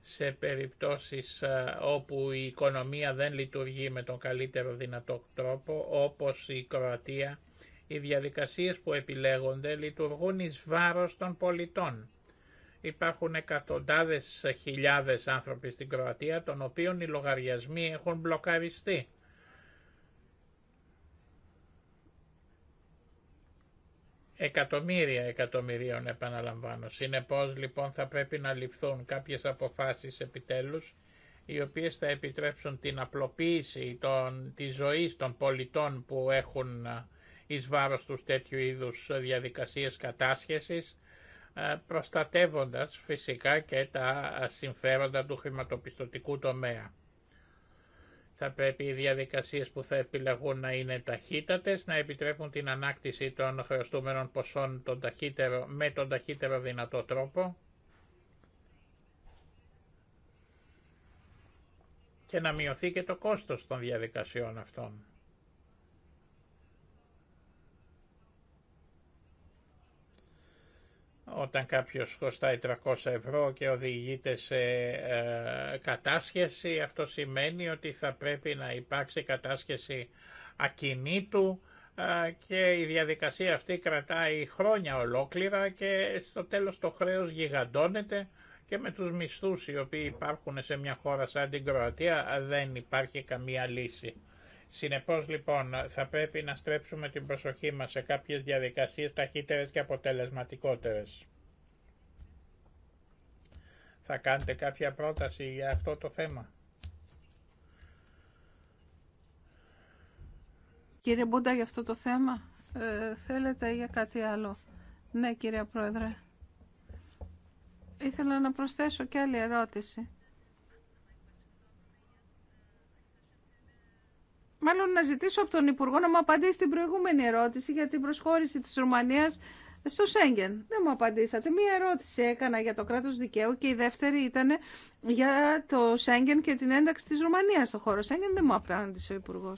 Σε περιπτώσεις όπου η οικονομία δεν λειτουργεί με τον καλύτερο δυνατό τρόπο, όπως η Κροατία, οι διαδικασίες που επιλέγονται λειτουργούν εις βάρος των πολιτών Υπάρχουν εκατοντάδες χιλιάδες άνθρωποι στην Κροατία, των οποίων οι λογαριασμοί έχουν μπλοκαριστεί. Εκατομμύρια εκατομμυρίων επαναλαμβάνω. Συνεπώς λοιπόν θα πρέπει να ληφθούν κάποιες αποφάσεις επιτέλους οι οποίες θα επιτρέψουν την απλοποίηση των, της ζωής των πολιτών που έχουν ε, εις βάρος τους τέτοιου είδους διαδικασίες κατάσχεσης ε, προστατεύοντας φυσικά και τα συμφέροντα του χρηματοπιστωτικού τομέα. Θα πρέπει οι διαδικασίες που θα επιλεγούν να είναι ταχύτατες, να επιτρέπουν την ανάκτηση των χρεωστούμενων ποσών τον ταχύτερο, με τον ταχύτερο δυνατό τρόπο και να μειωθεί και το κόστος των διαδικασιών αυτών. όταν κάποιος κοστάει 300 ευρώ και οδηγείται σε ε, κατάσχεση, αυτό σημαίνει ότι θα πρέπει να υπάρξει κατάσχεση ακινήτου ε, και η διαδικασία αυτή κρατάει χρόνια ολόκληρα και στο τέλος το χρέος γιγαντώνεται και με τους μισθούς οι οποίοι υπάρχουν σε μια χώρα σαν την Κροατία δεν υπάρχει καμία λύση. Συνεπώς λοιπόν θα πρέπει να στρέψουμε την προσοχή μας σε κάποιες διαδικασίες ταχύτερες και αποτελεσματικότερες. Θα κάνετε κάποια πρόταση για αυτό το θέμα. Κύριε Μπούντα, για αυτό το θέμα ε, θέλετε ή για κάτι άλλο. Ναι, κύριε Πρόεδρε. Ήθελα να προσθέσω και άλλη ερώτηση. Μάλλον να ζητήσω από τον Υπουργό να μου απαντήσει την προηγούμενη ερώτηση για την προσχώρηση της Ρουμανίας στο Σέγγεν. Δεν μου απαντήσατε. Μία ερώτηση έκανα για το κράτος δικαίου και η δεύτερη ήταν για το Σέγγεν και την ένταξη της Ρουμανίας στο χώρο Σέγγεν. Δεν μου απάντησε ο υπουργό.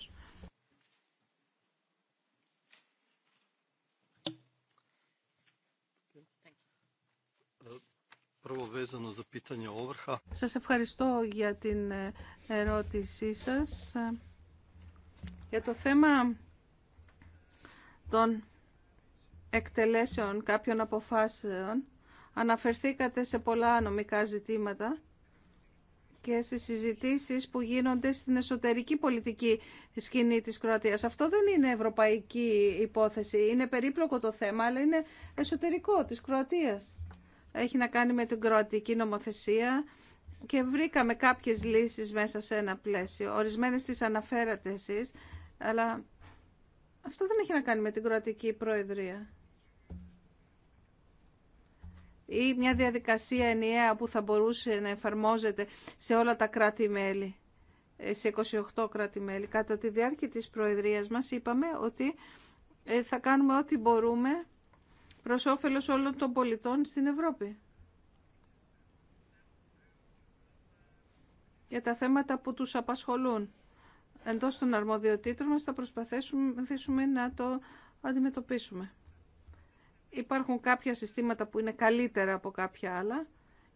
Σας ευχαριστώ για την ε, ερώτησή σας. Ε, για το θέμα των εκτελέσεων κάποιων αποφάσεων αναφερθήκατε σε πολλά νομικά ζητήματα και στις συζητήσεις που γίνονται στην εσωτερική πολιτική σκηνή της Κροατίας. Αυτό δεν είναι ευρωπαϊκή υπόθεση. Είναι περίπλοκο το θέμα, αλλά είναι εσωτερικό της Κροατίας. Έχει να κάνει με την κροατική νομοθεσία και βρήκαμε κάποιες λύσεις μέσα σε ένα πλαίσιο. Ορισμένες τις αναφέρατε εσείς, αλλά αυτό δεν έχει να κάνει με την κροατική προεδρία ή μια διαδικασία ενιαία που θα μπορούσε να εφαρμόζεται σε όλα τα κράτη-μέλη, ε, σε 28 κράτη-μέλη. Κατά τη διάρκεια της Προεδρίας μας είπαμε ότι ε, θα κάνουμε ό,τι μπορούμε προς όφελος όλων των πολιτών στην Ευρώπη. Για τα θέματα που τους απασχολούν εντός των αρμοδιοτήτων μας θα προσπαθήσουμε να το αντιμετωπίσουμε. Υπάρχουν κάποια συστήματα που είναι καλύτερα από κάποια άλλα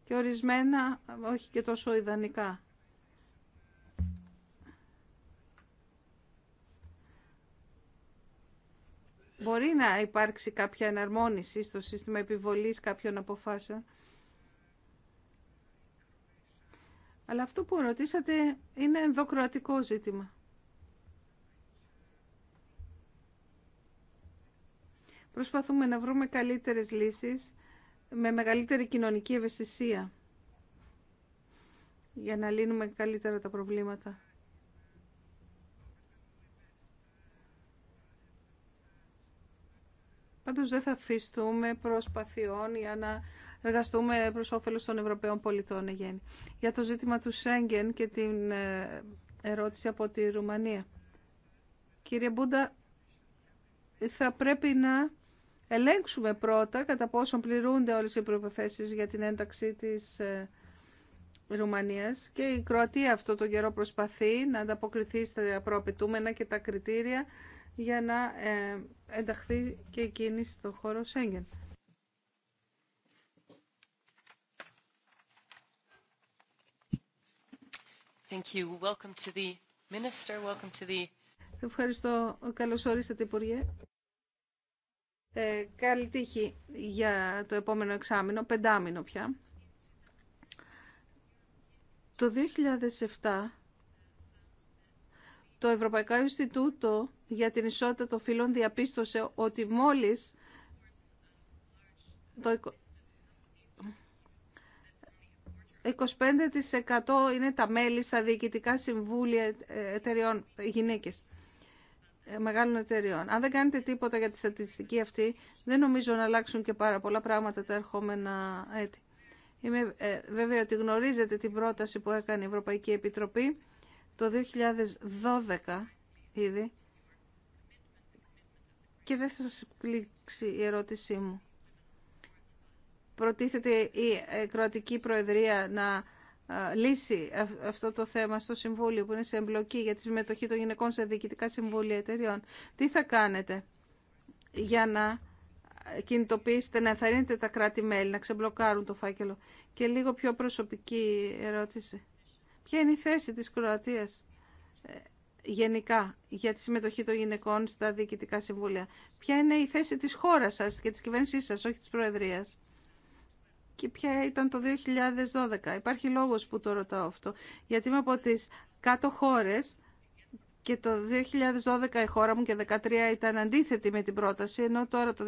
και ορισμένα όχι και τόσο ιδανικά. Μπορεί να υπάρξει κάποια εναρμόνιση στο σύστημα επιβολής κάποιων αποφάσεων. Αλλά αυτό που ρωτήσατε είναι ενδοκροατικό ζήτημα. Προσπαθούμε να βρούμε καλύτερες λύσεις με μεγαλύτερη κοινωνική ευαισθησία για να λύνουμε καλύτερα τα προβλήματα. Πάντως δεν θα αφιστούμε προσπαθειών για να εργαστούμε προς όφελος των Ευρωπαίων πολιτών εγέννη. Για το ζήτημα του Σέγγεν και την ε, ερώτηση από τη Ρουμανία. Κύριε Μπούντα, θα πρέπει να ελέγξουμε πρώτα κατά πόσον πληρούνται όλες οι προϋποθέσεις για την ένταξη της ε, Ρουμανίας και η Κροατία αυτό το καιρό προσπαθεί να ανταποκριθεί στα προαπαιτούμενα και τα κριτήρια για να ε, ενταχθεί και εκείνη στον χώρο Σέγγεν. Ευχαριστώ. Καλώς ορίσατε, Υπουργέ. Ε, καλή τύχη για το επόμενο εξάμηνο, πεντάμινο πια. Το 2007 το Ευρωπαϊκό Ινστιτούτο για την Ισότητα των Φύλων διαπίστωσε ότι μόλις το 25% είναι τα μέλη στα διοικητικά συμβούλια ε, εταιριών γυναίκες. Ε, μεγάλων εταιριών. Αν δεν κάνετε τίποτα για τη στατιστική αυτή, δεν νομίζω να αλλάξουν και πάρα πολλά πράγματα τα ερχόμενα έτη. Είμαι ε, βέβαια ότι γνωρίζετε την πρόταση που έκανε η Ευρωπαϊκή Επιτροπή το 2012 ήδη και δεν θα σας πλήξει η ερώτησή μου. Προτίθεται η ε, Κροατική Προεδρία να λύσει αυτό το θέμα στο Συμβούλιο που είναι σε εμπλοκή για τη συμμετοχή των γυναικών σε διοικητικά συμβούλια εταιριών. Τι θα κάνετε για να κινητοποιήσετε, να ενθαρρύνετε τα κράτη-μέλη, να ξεμπλοκάρουν το φάκελο. Και λίγο πιο προσωπική ερώτηση. Ποια είναι η θέση της Κροατίας ε, γενικά για τη συμμετοχή των γυναικών στα διοικητικά συμβούλια. Ποια είναι η θέση της χώρας σας και της κυβέρνησής σας, όχι της Προεδρίας και ποια ήταν το 2012. Υπάρχει λόγος που το ρωτάω αυτό. Γιατί είμαι από τις κάτω χώρες και το 2012 η χώρα μου και 13 ήταν αντίθετη με την πρόταση, ενώ τώρα το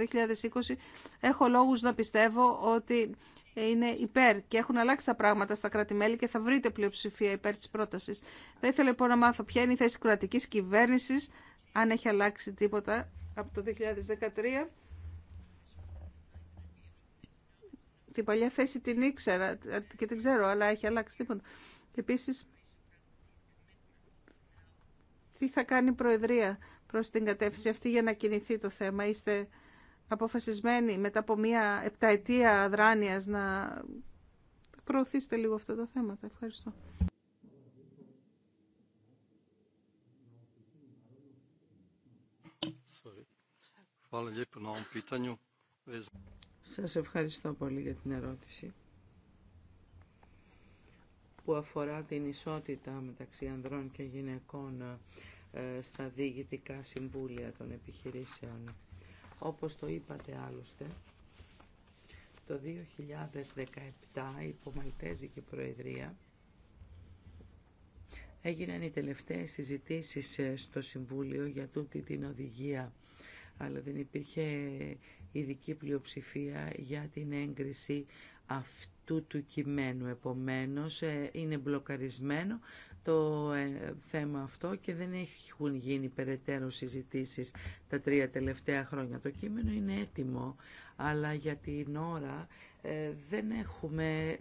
2020 έχω λόγους να πιστεύω ότι είναι υπέρ και έχουν αλλάξει τα πράγματα στα κράτη-μέλη και θα βρείτε πλειοψηφία υπέρ της πρότασης. Θα ήθελα λοιπόν να μάθω ποια είναι η θέση κρατικής κυβέρνησης, αν έχει αλλάξει τίποτα από το 2013 την παλιά θέση την ήξερα και την ξέρω, αλλά έχει αλλάξει τίποτα. Επίσης, τι θα κάνει η Προεδρία προς την κατεύθυνση αυτή για να κινηθεί το θέμα. Είστε αποφασισμένοι μετά από μια επταετία αδράνειας να προωθήσετε λίγο αυτά τα θέματα. Ευχαριστώ. Σας ευχαριστώ πολύ για την ερώτηση που αφορά την ισότητα μεταξύ ανδρών και γυναικών ε, στα διοικητικά συμβούλια των επιχειρήσεων. Όπως το είπατε άλλωστε, το 2017 υπό και Προεδρία έγιναν οι τελευταίες συζητήσεις ε, στο Συμβούλιο για τούτη την οδηγία αλλά δεν υπήρχε ειδική πλειοψηφία για την έγκριση αυτού του κειμένου. Επομένως, ε, είναι μπλοκαρισμένο το ε, θέμα αυτό και δεν έχουν γίνει περαιτέρω συζητήσεις τα τρία τελευταία χρόνια. Το κείμενο είναι έτοιμο, αλλά για την ώρα ε, δεν έχουμε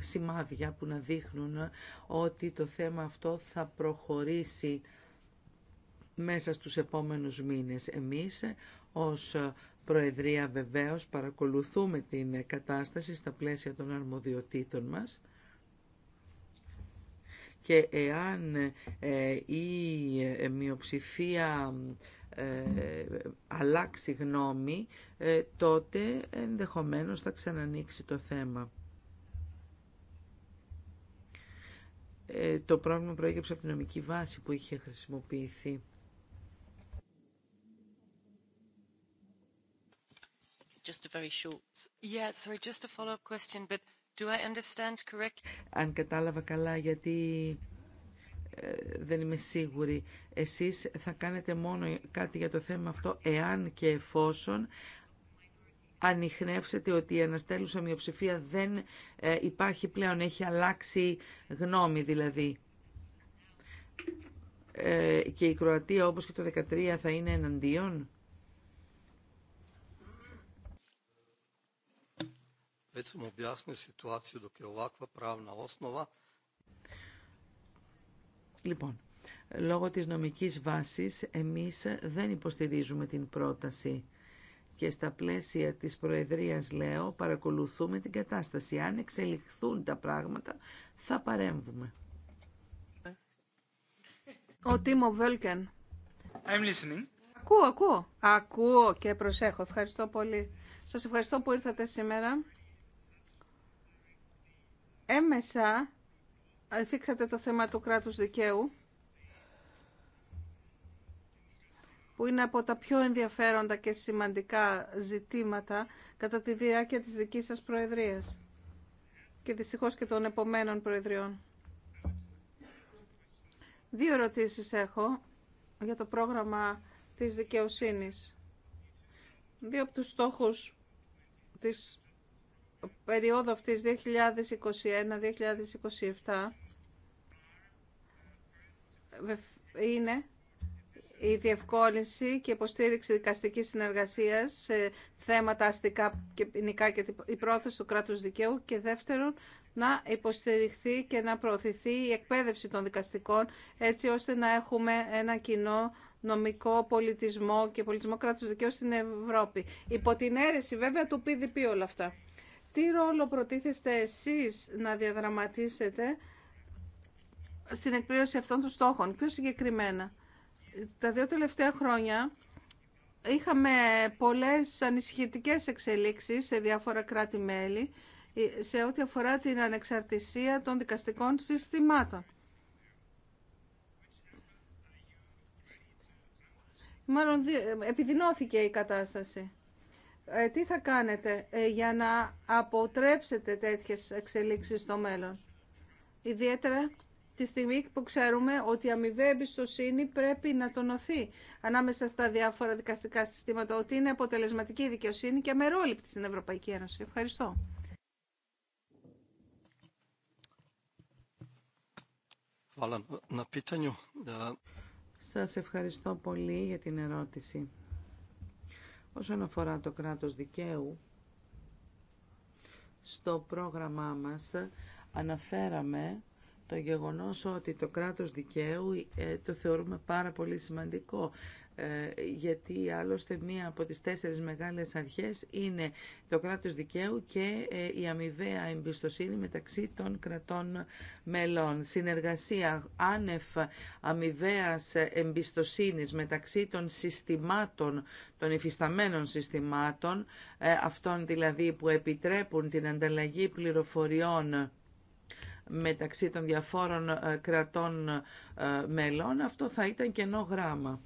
σημάδια που να δείχνουν ότι το θέμα αυτό θα προχωρήσει μέσα στους επόμενους μήνες. Εμείς ως Προεδρία βεβαίως παρακολουθούμε την κατάσταση στα πλαίσια των αρμοδιοτήτων μας και εάν ε, η ε, μειοψηφία ε, αλλάξει γνώμη, τότε ενδεχομένως θα ξανανοίξει το θέμα. Το πρόβλημα προέκυψε από την νομική βάση που είχε χρησιμοποιηθεί. Just a very short... Αν κατάλαβα καλά, γιατί ε, δεν είμαι σίγουρη. Εσείς θα κάνετε μόνο κάτι για το θέμα αυτό εάν και εφόσον ανοιχνεύσετε ότι η αναστέλουσα μειοψηφία δεν ε, υπάρχει πλέον, έχει αλλάξει γνώμη δηλαδή. Ε, και η Κροατία όπως και το 13 θα είναι εναντίον. Λοιπόν, λόγω της νομικής βάσης εμείς δεν υποστηρίζουμε την πρόταση και στα πλαίσια της Προεδρίας, λέω, παρακολουθούμε την κατάσταση. Αν εξελιχθούν τα πράγματα, θα παρέμβουμε. Ο Τίμο Βέλκεν. I'm listening. Ακούω, ακούω. Ακούω και προσέχω. Ευχαριστώ πολύ. Σας ευχαριστώ που ήρθατε σήμερα Έμεσα ε, θίξατε το θέμα του κράτους δικαίου, που είναι από τα πιο ενδιαφέροντα και σημαντικά ζητήματα κατά τη διάρκεια της δικής σας Προεδρίας και δυστυχώς και των επομένων Προεδριών. Δύο ερωτήσεις έχω για το πρόγραμμα της δικαιοσύνης. Δύο από τους στόχους της περίοδο αυτής 2021-2027 είναι η διευκόλυνση και υποστήριξη δικαστικής συνεργασίας σε θέματα αστικά και ποινικά και η πρόθεση του κράτους δικαίου και δεύτερον να υποστηριχθεί και να προωθηθεί η εκπαίδευση των δικαστικών έτσι ώστε να έχουμε ένα κοινό νομικό πολιτισμό και πολιτισμό κράτους δικαίου στην Ευρώπη. Υπό την αίρεση βέβαια του PDP όλα αυτά. Τι ρόλο προτίθεστε εσείς να διαδραματίσετε στην εκπλήρωση αυτών των στόχων, πιο συγκεκριμένα. Τα δύο τελευταία χρόνια είχαμε πολλές ανησυχητικές εξελίξεις σε διάφορα κράτη-μέλη σε ό,τι αφορά την ανεξαρτησία των δικαστικών συστημάτων. Μάλλον επιδεινώθηκε η κατάσταση. Ε, τι θα κάνετε ε, για να αποτρέψετε τέτοιες εξελίξεις στο μέλλον. Ιδιαίτερα τη στιγμή που ξέρουμε ότι η αμοιβαία εμπιστοσύνη πρέπει να τονωθεί ανάμεσα στα διάφορα δικαστικά συστήματα, ότι είναι αποτελεσματική δικαιοσύνη και αμερόληπτη στην Ευρωπαϊκή Ένωση. Ευχαριστώ. Σας ευχαριστώ πολύ για την ερώτηση. Όσον αφορά το κράτος δικαίου, στο πρόγραμμά μας αναφέραμε το γεγονός ότι το κράτος δικαίου ε, το θεωρούμε πάρα πολύ σημαντικό. Ε, γιατί άλλωστε μία από τις τέσσερις μεγάλες αρχές είναι το κράτος δικαίου και ε, η αμοιβαία εμπιστοσύνη μεταξύ των κρατών μελών. Συνεργασία άνευ αμοιβαίας εμπιστοσύνης μεταξύ των συστημάτων, των υφισταμένων συστημάτων, ε, αυτών δηλαδή που επιτρέπουν την ανταλλαγή πληροφοριών μεταξύ των διαφόρων κρατών μελών, αυτό θα ήταν κενό γράμμα.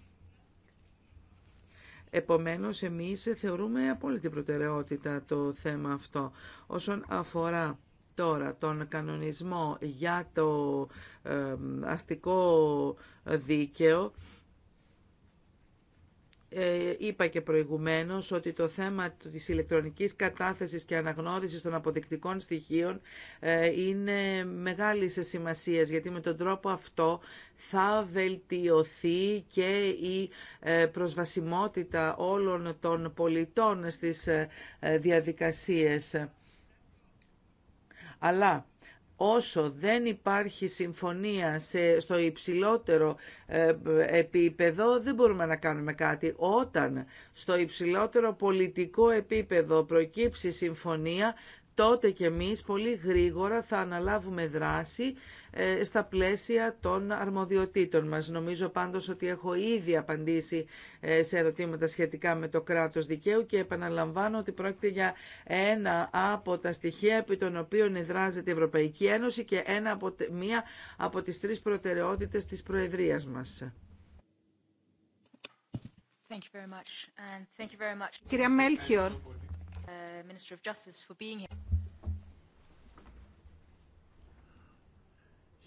Επομένως, εμείς θεωρούμε απόλυτη προτεραιότητα το θέμα αυτό. Όσον αφορά τώρα τον κανονισμό για το ε, αστικό δίκαιο, ε, είπα και προηγουμένως ότι το θέμα της ηλεκτρονικής κατάθεσης και αναγνώρισης των αποδεικτικών στοιχείων ε, είναι μεγάλης σημασίας γιατί με τον τρόπο αυτό θα βελτιωθεί και η ε, προσβασιμότητα όλων των πολιτών στις διαδικασίες. Αλλά όσο δεν υπάρχει συμφωνία σε, στο υψηλότερο ε, επίπεδο, δεν μπορούμε να κάνουμε κάτι. Όταν στο υψηλότερο πολιτικό επίπεδο προκύψει συμφωνία, τότε και εμείς πολύ γρήγορα θα αναλάβουμε δράση ε, στα πλαίσια των αρμοδιοτήτων μας. Νομίζω πάντως ότι έχω ήδη απαντήσει ε, σε ερωτήματα σχετικά με το κράτος δικαίου και επαναλαμβάνω ότι πρόκειται για ένα από τα στοιχεία επί των οποίων εδράζεται η Ευρωπαϊκή Ένωση και ένα από, μία από τις τρεις προτεραιότητες της Προεδρίας μας. Κυρία Μέλχιορ, uh,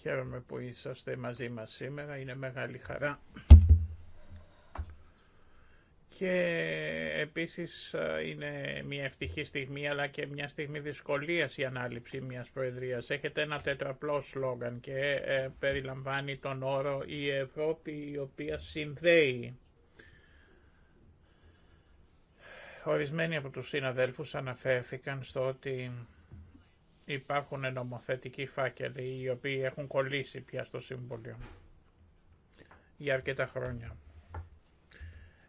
Χαίρομαι που είσαστε μαζί μας σήμερα, είναι μεγάλη χαρά. Και επίσης ε, είναι μια ευτυχή στιγμή αλλά και μια στιγμή δυσκολίας η ανάληψη μιας προεδρίας. Έχετε ένα τετραπλό σλόγγαν και ε, περιλαμβάνει τον όρο «Η Ευρώπη η οποία συνδέει». Ορισμένοι από τους συναδέλφους αναφέρθηκαν στο ότι υπάρχουν νομοθετικοί φάκελοι οι οποίοι έχουν κολλήσει πια στο Συμβούλιο για αρκετά χρόνια.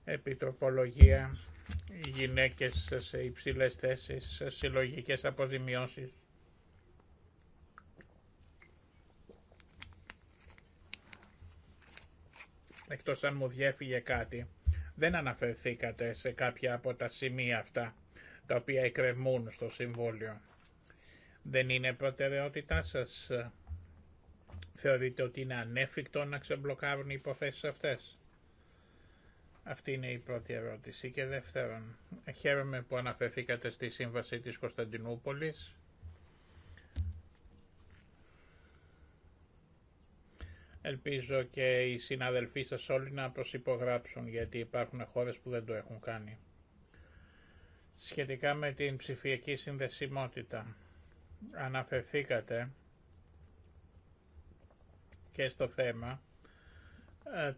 Επιτροπολογία, γυναίκες σε υψηλές θέσεις, συλλογικές αποζημιώσεις. Εκτός αν μου διέφυγε κάτι, δεν αναφερθήκατε σε κάποια από τα σημεία αυτά τα οποία εκρεμούν στο Συμβούλιο. Δεν είναι προτεραιότητά σας. Θεωρείτε ότι είναι ανέφικτο να ξεμπλοκάρουν οι υποθέσεις αυτές. Αυτή είναι η πρώτη ερώτηση. Και δεύτερον, χαίρομαι που αναφερθήκατε στη Σύμβαση της Κωνσταντινούπολης. Ελπίζω και οι συναδελφοί σας όλοι να προσυπογράψουν, γιατί υπάρχουν χώρες που δεν το έχουν κάνει. Σχετικά με την ψηφιακή συνδεσιμότητα αναφερθήκατε και στο θέμα ε,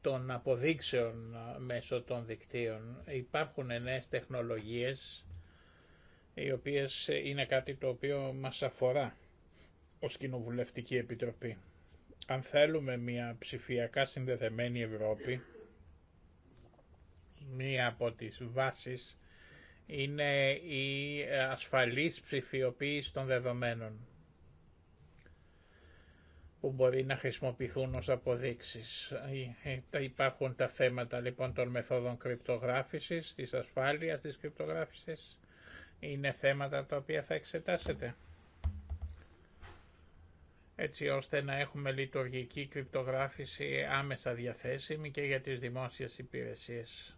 των αποδείξεων ε, μέσω των δικτύων. Υπάρχουν νέες τεχνολογίες οι οποίες είναι κάτι το οποίο μας αφορά ως Κοινοβουλευτική Επιτροπή. Αν θέλουμε μια ψηφιακά συνδεδεμένη Ευρώπη, μία από τις βάσεις είναι η ε, ασφαλής ψηφιοποίηση των δεδομένων που μπορεί να χρησιμοποιηθούν ως αποδείξεις. Ε, ε, υπάρχουν τα θέματα λοιπόν των μεθόδων κρυπτογράφησης, της ασφάλειας της κρυπτογράφησης. Είναι θέματα τα οποία θα εξετάσετε. Έτσι ώστε να έχουμε λειτουργική κρυπτογράφηση άμεσα διαθέσιμη και για τις δημόσιες υπηρεσίες.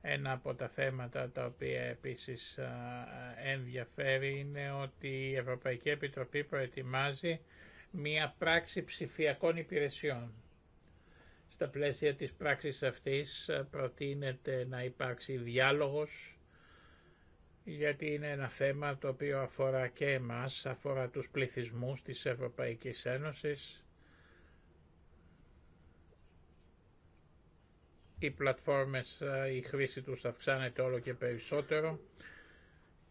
Ένα από τα θέματα τα οποία επίσης ενδιαφέρει είναι ότι η Ευρωπαϊκή Επιτροπή προετοιμάζει μία πράξη ψηφιακών υπηρεσιών. Στα πλαίσια της πράξης αυτής προτείνεται να υπάρξει διάλογος γιατί είναι ένα θέμα το οποίο αφορά και εμάς, αφορά τους πληθυσμούς της Ευρωπαϊκής Ένωσης οι πλατφόρμες, ε, η χρήση τους αυξάνεται όλο και περισσότερο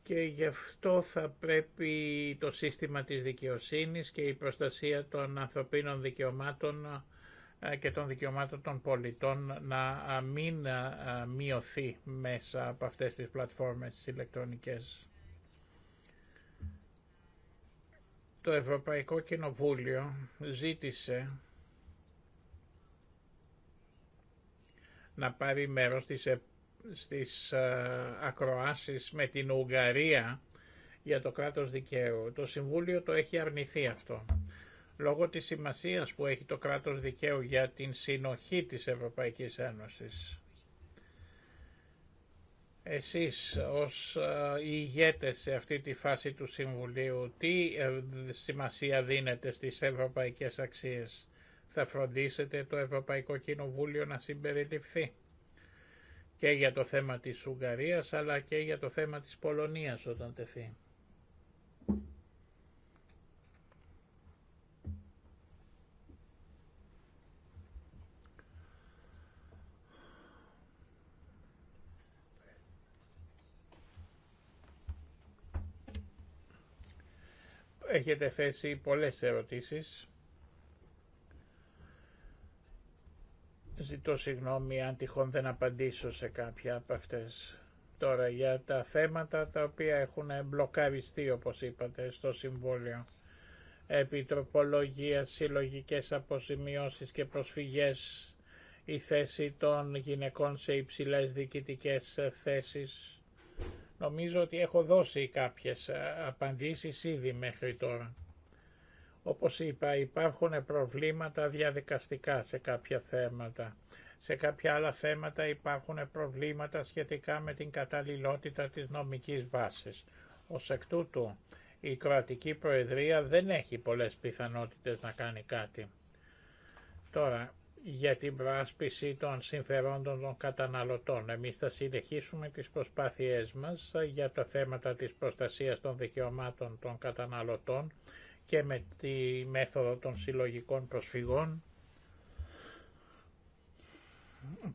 και γι' αυτό θα πρέπει το σύστημα της δικαιοσύνης και η προστασία των ανθρωπίνων δικαιωμάτων ε, και των δικαιωμάτων των πολιτών να ε, μην μειωθεί μέσα από αυτές τις πλατφόρμες τις ηλεκτρονικές. Το Ευρωπαϊκό Κοινοβούλιο ζήτησε να πάρει μέρος στις, ε, στις ε, ακροάσεις με την Ουγγαρία για το κράτος δικαίου. Το Συμβούλιο το έχει αρνηθεί αυτό. Λόγω της σημασίας που έχει το κράτος δικαίου για την συνοχή της Ευρωπαϊκής Ένωσης. Εσείς ως ε, ηγέτες σε αυτή τη φάση του Συμβουλίου, τι σημασία δίνετε στις ευρωπαϊκές αξίες. Θα φροντίσετε το Ευρωπαϊκό Κοινοβούλιο να συμπεριληφθεί και για το θέμα της Ουγγαρίας αλλά και για το θέμα της Πολωνίας όταν τεθεί. Έχετε θέσει πολλές ερωτήσεις. Ζητώ συγγνώμη αν τυχόν δεν απαντήσω σε κάποια από αυτές. Τώρα για τα θέματα τα οποία έχουν μπλοκαριστεί όπως είπατε στο Συμβούλιο. Επιτροπολογία, συλλογικές αποζημιώσεις και προσφυγές, η θέση των γυναικών σε υψηλές διοικητικές θέσεις. Νομίζω ότι έχω δώσει κάποιες απαντήσεις ήδη μέχρι τώρα. Όπως είπα υπάρχουν προβλήματα διαδικαστικά σε κάποια θέματα. Σε κάποια άλλα θέματα υπάρχουν προβλήματα σχετικά με την καταλληλότητα της νομικής βάσης. Ως εκ τούτου η Κροατική Προεδρία δεν έχει πολλές πιθανότητες να κάνει κάτι. Τώρα, για την προάσπιση των συμφερόντων των καταναλωτών. Εμείς θα συνεχίσουμε τις προσπάθειές μας για τα θέματα της προστασίας των δικαιωμάτων των καταναλωτών και με τη μέθοδο των συλλογικών προσφυγών.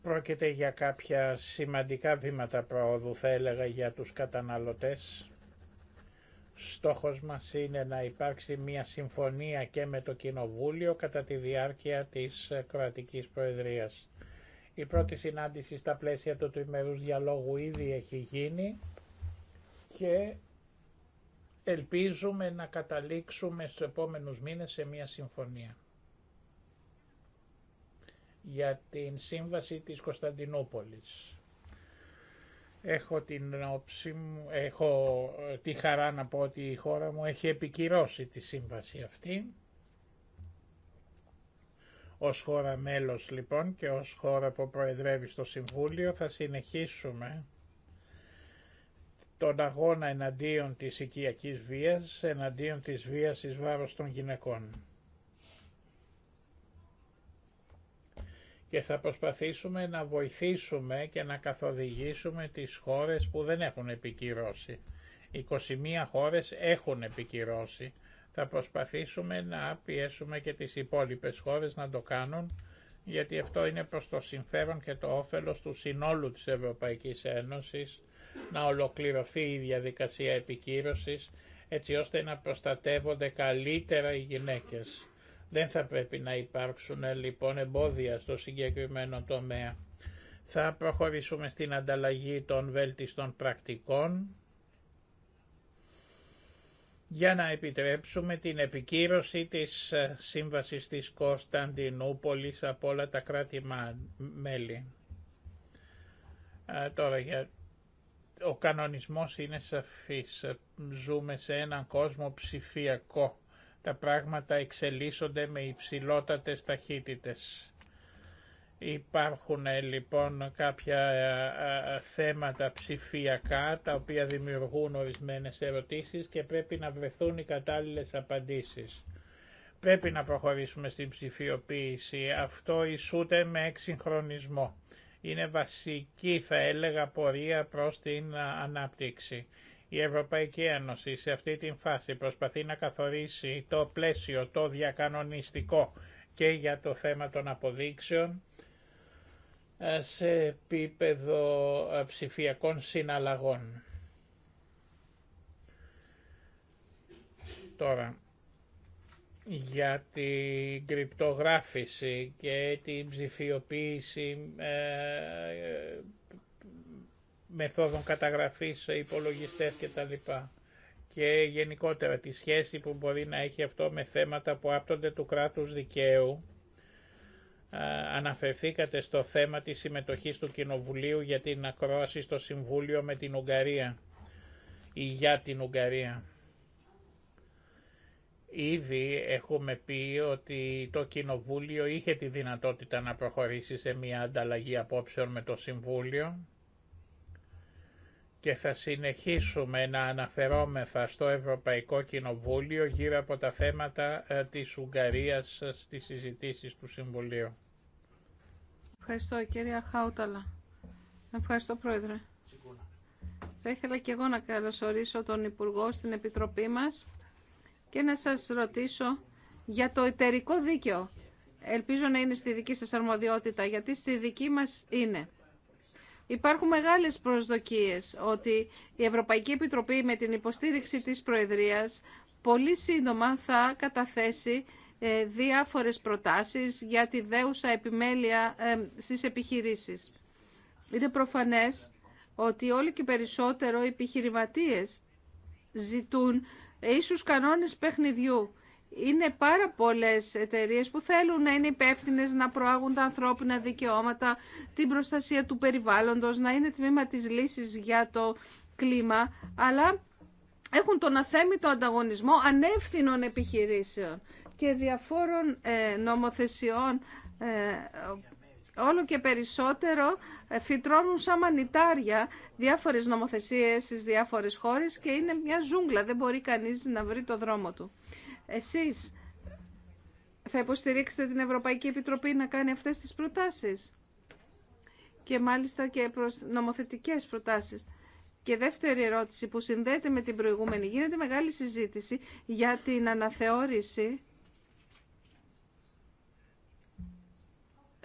Πρόκειται για κάποια σημαντικά βήματα προόδου, θα έλεγα, για τους καταναλωτές. Στόχος μας είναι να υπάρξει μια συμφωνία και με το Κοινοβούλιο κατά τη διάρκεια της κρατικής προεδρίας. Η πρώτη συνάντηση στα πλαίσια του τριμερούς διαλόγου ήδη έχει γίνει και Ελπίζουμε να καταλήξουμε στους επόμενους μήνες σε μια συμφωνία για την σύμβαση της Κωνσταντινούπολης. Έχω, την όψη μου, έχω ε, τη χαρά να πω ότι η χώρα μου έχει επικυρώσει τη σύμβαση αυτή. Ως χώρα μέλος λοιπόν και ως χώρα που προεδρεύει στο Συμβούλιο θα συνεχίσουμε τον αγώνα εναντίον της οικιακής βίας, εναντίον της βίας εις βάρος των γυναικών. Και θα προσπαθήσουμε να βοηθήσουμε και να καθοδηγήσουμε τις χώρες που δεν έχουν επικυρώσει. 21 χώρες έχουν επικυρώσει. Θα προσπαθήσουμε να πιέσουμε και τις υπόλοιπες χώρες να το κάνουν, γιατί αυτό είναι προς το συμφέρον και το όφελος του συνόλου της Ευρωπαϊκής Ένωσης, να ολοκληρωθεί η διαδικασία επικύρωσης έτσι ώστε να προστατεύονται καλύτερα οι γυναίκες. Δεν θα πρέπει να υπάρξουν λοιπόν εμπόδια στο συγκεκριμένο τομέα. Θα προχωρήσουμε στην ανταλλαγή των βέλτιστων πρακτικών για να επιτρέψουμε την επικύρωση της ε, Σύμβασης της Κωνσταντινούπολης από όλα τα κράτη-μέλη. Ε, τώρα για ο κανονισμός είναι σαφής. Ζούμε σε έναν κόσμο ψηφιακό. Τα πράγματα εξελίσσονται με υψηλότατες ταχύτητες. Υπάρχουν ε, λοιπόν κάποια ε, ε, θέματα ψηφιακά τα οποία δημιουργούν ορισμένες ερωτήσεις και πρέπει να βρεθούν οι κατάλληλες απαντήσεις. Πρέπει να προχωρήσουμε στην ψηφιοποίηση. Αυτό ισούται με εξυγχρονισμό είναι βασική θα έλεγα πορεία προς την ανάπτυξη. Η Ευρωπαϊκή Ένωση σε αυτή την φάση προσπαθεί να καθορίσει το πλαίσιο, το διακανονιστικό και για το θέμα των αποδείξεων ε, σε επίπεδο ε, ψηφιακών συναλλαγών. Τώρα, για την κρυπτογράφηση και την ψηφιοποίηση ε, μεθόδων καταγραφής σε υπολογιστές κτλ. Και γενικότερα τη σχέση που μπορεί να έχει αυτό με θέματα που άπτονται του κράτους δικαίου. Ε, αναφερθήκατε στο θέμα της συμμετοχής του Κοινοβουλίου για την ακρόαση στο Συμβούλιο με την Ουγγαρία ή για την Ουγγαρία. Ήδη έχουμε πει ότι το Κοινοβούλιο είχε τη δυνατότητα να προχωρήσει σε μια ανταλλαγή απόψεων με το Συμβούλιο και θα συνεχίσουμε να αναφερόμεθα στο Ευρωπαϊκό Κοινοβούλιο γύρω από τα θέματα ε, της Ουγγαρίας στις συζητήσεις του Συμβουλίου. Ευχαριστώ κυρία Χάουταλα. Ευχαριστώ πρόεδρε. Θα ήθελα και εγώ να καλωσορίσω τον Υπουργό στην Επιτροπή μας και να σας ρωτήσω για το εταιρικό δίκαιο. Ελπίζω να είναι στη δική σας αρμοδιότητα, γιατί στη δική μας είναι. Υπάρχουν μεγάλες προσδοκίες ότι η Ευρωπαϊκή Επιτροπή με την υποστήριξη της Προεδρίας πολύ σύντομα θα καταθέσει ε, διάφορες προτάσεις για τη δέουσα επιμέλεια ε, στις επιχειρήσεις. Είναι προφανές ότι όλο και περισσότερο οι επιχειρηματίες ζητούν Ίσως κανόνες παιχνιδιού. Είναι πάρα πολλές εταιρείες που θέλουν να είναι υπεύθυνε να προάγουν τα ανθρώπινα δικαιώματα, την προστασία του περιβάλλοντος, να είναι τμήμα της λύσης για το κλίμα, αλλά έχουν τον αθέμητο ανταγωνισμό ανεύθυνων επιχειρήσεων και διαφόρων ε, νομοθεσιών ε, όλο και περισσότερο ε, φυτρώνουν σαν μανιτάρια διάφορες νομοθεσίες στις διάφορες χώρες και είναι μια ζούγκλα, δεν μπορεί κανείς να βρει το δρόμο του. Εσείς θα υποστηρίξετε την Ευρωπαϊκή Επιτροπή να κάνει αυτές τις προτάσεις και μάλιστα και προς νομοθετικές προτάσεις. Και δεύτερη ερώτηση που συνδέεται με την προηγούμενη. Γίνεται μεγάλη συζήτηση για την αναθεώρηση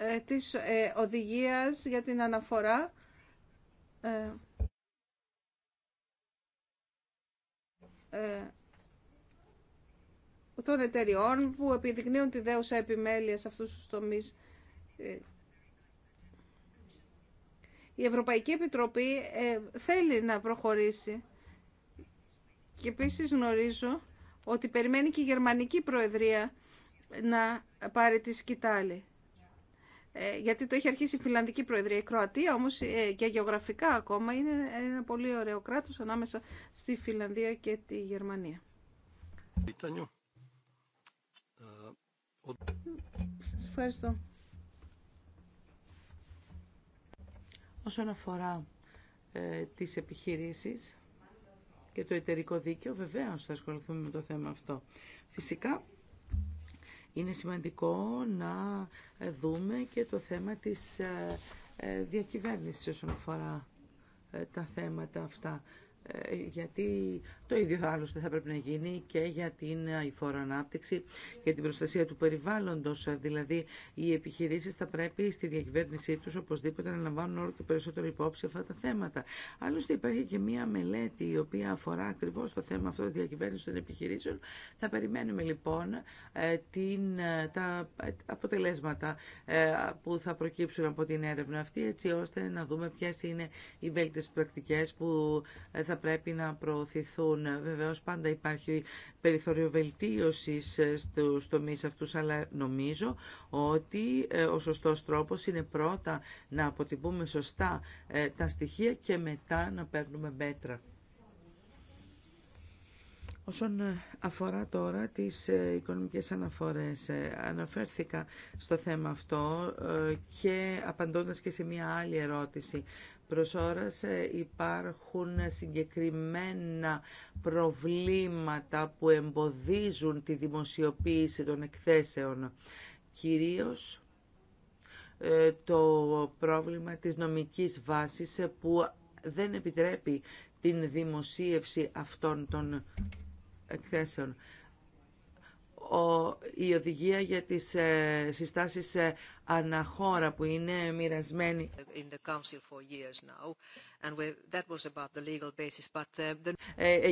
Ε, της ε, οδηγίας για την αναφορά ε, των εταιριών που επιδεικνύουν τη δέουσα επιμέλεια σε αυτούς τους τομείς. Η Ευρωπαϊκή Επιτροπή θέλει να προχωρήσει και επίσης γνωρίζω ότι περιμένει και η Γερμανική Προεδρία να πάρει τη σκητάλη. Ε, γιατί το έχει αρχίσει η Φιλανδική Προεδρία. Η Κροατία όμως ε, και γεωγραφικά ακόμα είναι ένα πολύ ωραίο κράτος ανάμεσα στη Φιλανδία και τη Γερμανία. Σας ευχαριστώ. Όσον αφορά ε, τις επιχειρήσεις και το εταιρικό δίκαιο, βεβαίως θα ασχοληθούμε με το θέμα αυτό. Φυσικά είναι σημαντικό να δούμε και το θέμα της ε, ε, διακυβέρνησης όσον αφορά ε, τα θέματα αυτά. Ε, γιατί το ίδιο άλλωστε θα πρέπει να γίνει και για την αηφόρο ε, ανάπτυξη και την προστασία του περιβάλλοντος. Ε, δηλαδή, οι επιχειρήσεις θα πρέπει στη διακυβέρνησή τους οπωσδήποτε να λαμβάνουν όλο και περισσότερο υπόψη αυτά τα θέματα. Άλλωστε υπάρχει και μία μελέτη η οποία αφορά ακριβώς το θέμα αυτό της διακυβέρνησης των επιχειρήσεων. Θα περιμένουμε λοιπόν την, τα αποτελέσματα που θα προκύψουν από την έρευνα αυτή έτσι ώστε να δούμε ποιες είναι οι βέλτιστες πρακτικές που θα πρέπει να προωθηθούν. βεβαίω, πάντα υπάρχει περιθώριο βελτίωση στους τομείς αυτούς, αλλά νομίζω ότι ε, ο σωστό τρόπος είναι πρώτα να αποτυπούμε σωστά ε, τα στοιχεία και μετά να παίρνουμε μέτρα. Όσον ε, αφορά τώρα τις οικονομικές αναφορές, αναφέρθηκα στο θέμα αυτό και απαντώντας και σε μια άλλη ερώτηση Προς υπάρχουν συγκεκριμένα προβλήματα που εμποδίζουν τη δημοσιοποίηση των εκθέσεων. Κυρίως ε, το πρόβλημα της νομικής βάσης ε, που δεν επιτρέπει την δημοσίευση αυτών των εκθέσεων η οδηγία για τις ε, συστάσεις ε, αναχώρα που είναι μοιρασμένη.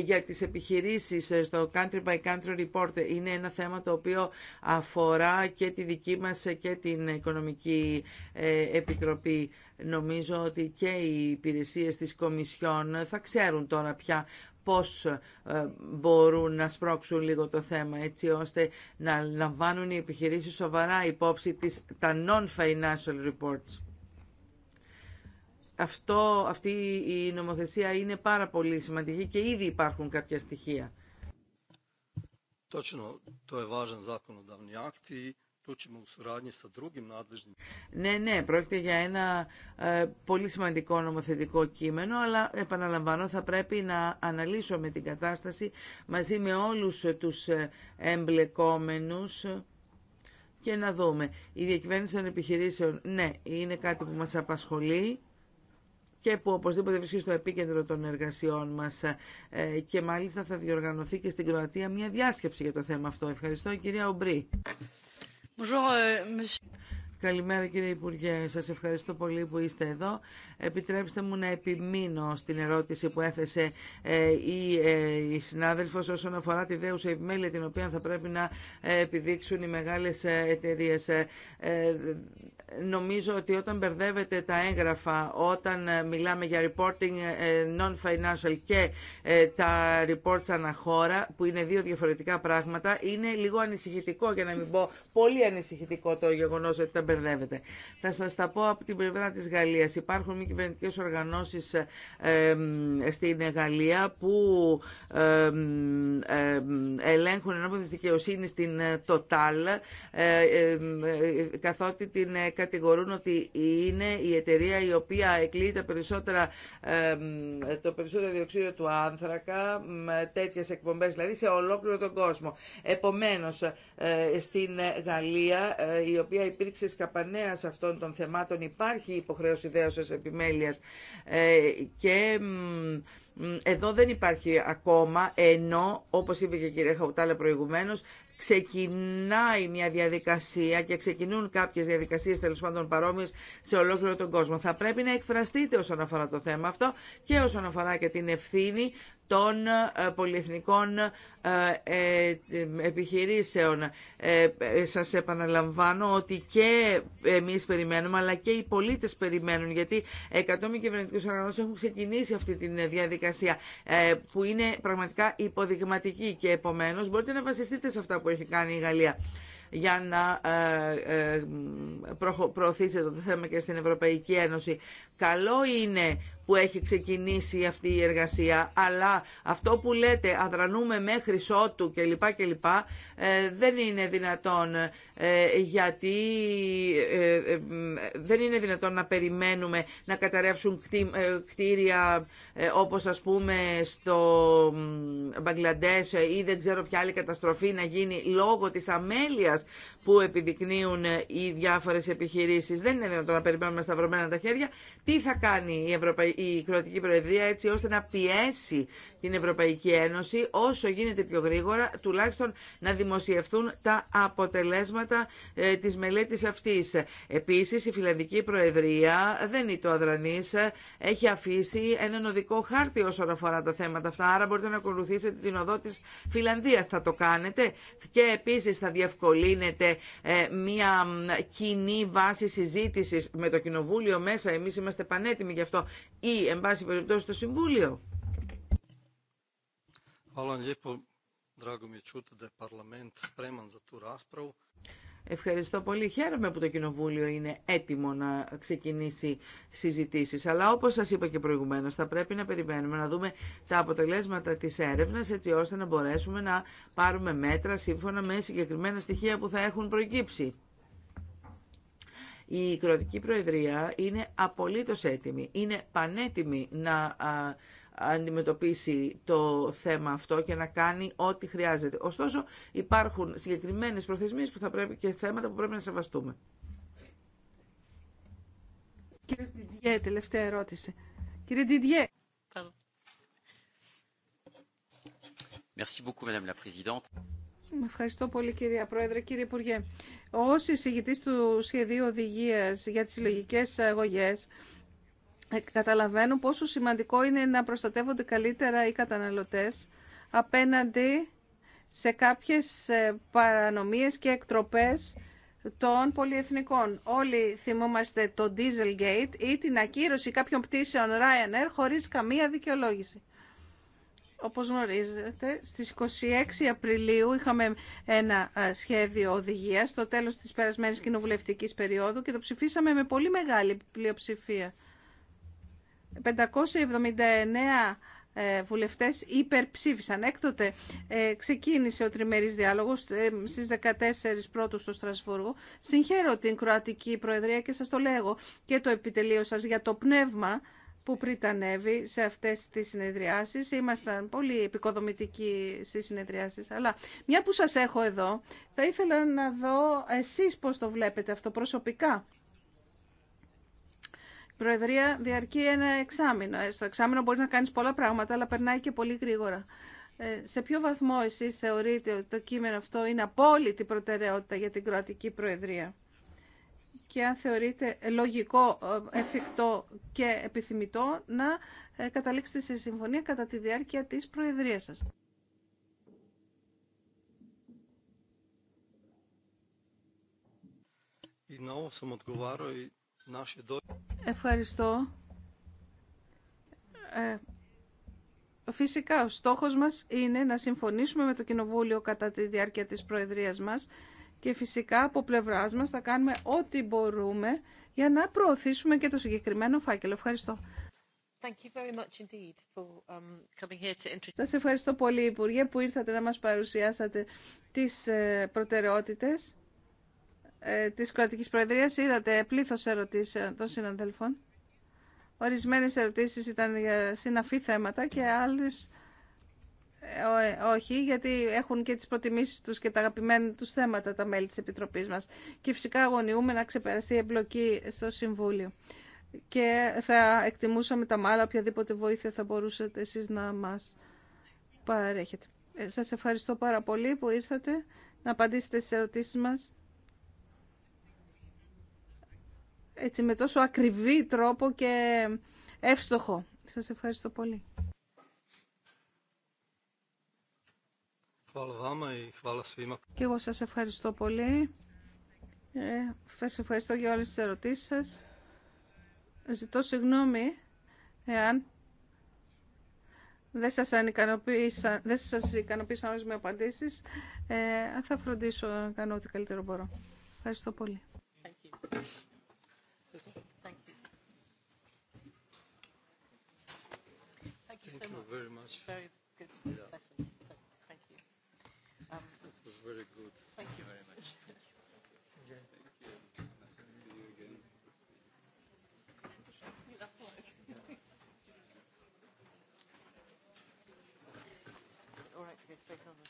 Για τις επιχειρήσεις ε, στο country by country report είναι ένα θέμα το οποίο αφορά και τη δική μας και την Οικονομική Επιτροπή. Νομίζω ότι και οι υπηρεσίες της Κομισιόν θα ξέρουν τώρα πια πώς ε, μπορούν να σπρώξουν λίγο το θέμα έτσι ώστε να λαμβάνουν οι επιχειρήσεις σοβαρά υπόψη της, τα non-financial reports. Αυτό, αυτή η νομοθεσία είναι πάρα πολύ σημαντική και ήδη υπάρχουν κάποια στοιχεία. το είναι ναι, ναι, πρόκειται για ένα ε, πολύ σημαντικό νομοθετικό κείμενο, αλλά επαναλαμβάνω θα πρέπει να αναλύσουμε την κατάσταση μαζί με όλους τους ε, εμπλεκόμενους και να δούμε. Η διακυβέρνηση των επιχειρήσεων, ναι, είναι κάτι που μας απασχολεί και που οπωσδήποτε βρίσκει στο επίκεντρο των εργασιών μας ε, και μάλιστα θα διοργανωθεί και στην Κροατία μια διάσκεψη για το θέμα αυτό. Ευχαριστώ κυρία Ομπρή. Euh, Καλημέρα κύριε Υπουργέ, σας ευχαριστώ πολύ που είστε εδώ. Επιτρέψτε μου να επιμείνω στην ερώτηση που έθεσε ε, ε, η συνάδελφος όσον αφορά τη δέουσα επιμέλεια την οποία θα πρέπει να ε, επιδείξουν οι μεγάλες εταιρείες. Νομίζω ότι όταν μπερδεύεται τα έγγραφα, όταν μιλάμε για reporting non-financial και τα reports αναχώρα, που είναι δύο διαφορετικά πράγματα, είναι λίγο ανησυχητικό, για να μην πω πολύ ανησυχητικό το γεγονός ότι τα μπερδεύεται. Θα σας τα πω από την πλευρά της Γαλλίας. Υπάρχουν κυβερνητικές οργανώσεις ε, στην Γαλλία που ελέγχουν ενώπιον της δικαιοσύνης την ε, Total ε, καθότι την κατηγορούν ότι είναι η εταιρεία η οποία εκλείει τα περισσότερα, το περισσότερο διοξείδιο του άνθρακα με τέτοιες εκπομπές δηλαδή σε ολόκληρο τον κόσμο. Επομένως στην Γαλλία η οποία υπήρξε σκαπανέα αυτών των θεμάτων υπάρχει υποχρέωση δέωσης επιμέλεια ε, και εδώ δεν υπάρχει ακόμα, ενώ, όπως είπε και η κυρία Χαουτάλα προηγουμένως, ξεκινάει μια διαδικασία και ξεκινούν κάποιες διαδικασίες τέλο πάντων παρόμοιες σε ολόκληρο τον κόσμο. Θα πρέπει να εκφραστείτε όσον αφορά το θέμα αυτό και όσον αφορά και την ευθύνη των ε, πολυεθνικών ε, ε, επιχειρήσεων. Σας επαναλαμβάνω ότι και εμείς περιμένουμε, αλλά και οι πολίτες περιμένουν, γιατί 100 μη κυβερνητικούς οργανώσεις έχουν ξεκινήσει αυτή τη διαδικασία, που είναι πραγματικά υποδειγματική και επομένως μπορείτε να βασιστείτε σε αυτά που έχει κάνει η Γαλλία για να προωθήσετε το θέμα και στην Ευρωπαϊκή Ένωση. Καλό είναι που έχει ξεκινήσει αυτή η εργασία, αλλά αυτό που λέτε αδρανούμε μέχρι σότου κλπ. κλπ ε, δεν είναι δυνατόν ε, γιατί ε, δεν είναι δυνατόν να περιμένουμε να καταρρεύσουν κτίρια όπως ας πούμε στο Μπαγκλαντές ή δεν ξέρω ποια άλλη καταστροφή να γίνει λόγω της αμέλειας που επιδεικνύουν οι διάφορε επιχειρήσει. Δεν είναι δυνατόν να περιμένουμε σταυρωμένα τα χέρια. Τι θα κάνει η, Ευρωπα... η Κροατική Προεδρία έτσι ώστε να πιέσει την Ευρωπαϊκή Ένωση όσο γίνεται πιο γρήγορα, τουλάχιστον να δημοσιευθούν τα αποτελέσματα ε, τη μελέτη αυτή. Επίση, η Φιλανδική Προεδρία δεν είναι το αδρανή. Ε, έχει αφήσει έναν οδικό χάρτη όσον αφορά τα θέματα αυτά, άρα μπορείτε να ακολουθήσετε την οδό τη Φιλανδία. Θα το κάνετε και επίση θα διευκολύνετε ε, μια κοινή βάση συζήτησης με το Κοινοβούλιο μέσα. Εμείς είμαστε πανέτοιμοι γι' αυτό. Ή, εν πάση περιπτώσει, το Συμβούλιο. je Ευχαριστώ πολύ. Χαίρομαι που το Κοινοβούλιο είναι έτοιμο να ξεκινήσει συζητήσεις. Αλλά όπως σας είπα και προηγουμένως, θα πρέπει να περιμένουμε να δούμε τα αποτελέσματα της έρευνας έτσι ώστε να μπορέσουμε να πάρουμε μέτρα σύμφωνα με συγκεκριμένα στοιχεία που θα έχουν προκύψει. Η Κροατική Προεδρία είναι απολύτως έτοιμη, είναι πανέτοιμη να αντιμετωπίσει το θέμα αυτό και να κάνει ό,τι χρειάζεται. Ωστόσο υπάρχουν συγκεκριμένες προθεσμίες που θα πρέπει και θέματα που πρέπει να σεβαστούμε. Κύριε τελευταία ερώτηση. Κύριε Merci beaucoup, Madame la Présidente. Ευχαριστώ πολύ κυρία Πρόεδρε. Κύριε Υπουργέ, ως εισηγητής του σχεδίου οδηγίας για τις συλλογικέ αγωγές, ε, καταλαβαίνω πόσο σημαντικό είναι να προστατεύονται καλύτερα οι καταναλωτές απέναντι σε κάποιες ε, παρανομίες και εκτροπές των πολυεθνικών. Όλοι θυμόμαστε το Dieselgate ή την ακύρωση κάποιων πτήσεων Ryanair χωρίς καμία δικαιολόγηση. Όπως γνωρίζετε, στις 26 Απριλίου είχαμε ένα σχέδιο οδηγίας στο τέλος της περασμένης κοινοβουλευτικής περίοδου και το ψηφίσαμε με πολύ μεγάλη πλειοψηφία. 579 ε, βουλευτές υπερψήφισαν. Έκτοτε ε, ξεκίνησε ο τριμερής διάλογος ε, στις 14 πρώτου στο Στρασβούργο. Συγχαίρω την Κροατική Προεδρία και σας το λέγω και το επιτελείο σας για το πνεύμα που πριτανεύει σε αυτές τις συνεδριάσεις. Ήμασταν πολύ επικοδομητικοί στις συνεδριάσεις. Αλλά μια που σας έχω εδώ, θα ήθελα να δω εσείς πώς το βλέπετε αυτό προσωπικά. Η Προεδρία διαρκεί ένα εξάμεινο. Ε, στο εξάμεινο μπορείς να κάνεις πολλά πράγματα, αλλά περνάει και πολύ γρήγορα. Ε, σε ποιο βαθμό εσείς θεωρείτε ότι το κείμενο αυτό είναι απόλυτη προτεραιότητα για την Κροατική Προεδρία και αν θεωρείτε λογικό, ε, εφικτό και επιθυμητό να ε, καταλήξετε σε συμφωνία κατά τη διάρκεια της Προεδρίας σας. Ευχαριστώ. Ε, φυσικά, ο στόχος μας είναι να συμφωνήσουμε με το Κοινοβούλιο κατά τη διάρκεια της Προεδρίας μας και φυσικά από πλευρά μα θα κάνουμε ό,τι μπορούμε για να προωθήσουμε και το συγκεκριμένο φάκελο. Ευχαριστώ. Σας ευχαριστώ πολύ, Υπουργέ, που ήρθατε να μας παρουσιάσατε τις ε, προτεραιότητες ε, της κρατικής προεδρίας. Είδατε πλήθος ερωτήσεων των συναδέλφων. Ορισμένες ερωτήσεις ήταν για συναφή θέματα και άλλες ε, ε, όχι, γιατί έχουν και τις προτιμήσεις τους και τα αγαπημένα τους θέματα τα μέλη της Επιτροπής μας. Και φυσικά αγωνιούμε να ξεπεραστεί η εμπλοκή στο Συμβούλιο. Και θα εκτιμούσαμε τα μάλλα οποιαδήποτε βοήθεια θα μπορούσατε εσείς να μας παρέχετε. Ε, σας ευχαριστώ πάρα πολύ που ήρθατε να απαντήσετε στις ερωτήσεις μας. Έτσι με τόσο ακριβή τρόπο και εύστοχο. Σας ευχαριστώ πολύ. Και εγώ σας ευχαριστώ πολύ. Ε, σας ευχαριστώ για όλες τις ερωτήσεις σας. Ζητώ συγγνώμη εάν δεν σας, ανικανοποίησα, δεν σας ικανοποίησαν όλες με απαντήσεις. Ε, θα φροντίσω να κάνω ό,τι καλύτερο μπορώ. Ευχαριστώ πολύ. Thank you. Very much. very good. Thank you very much. All right, to go straight on.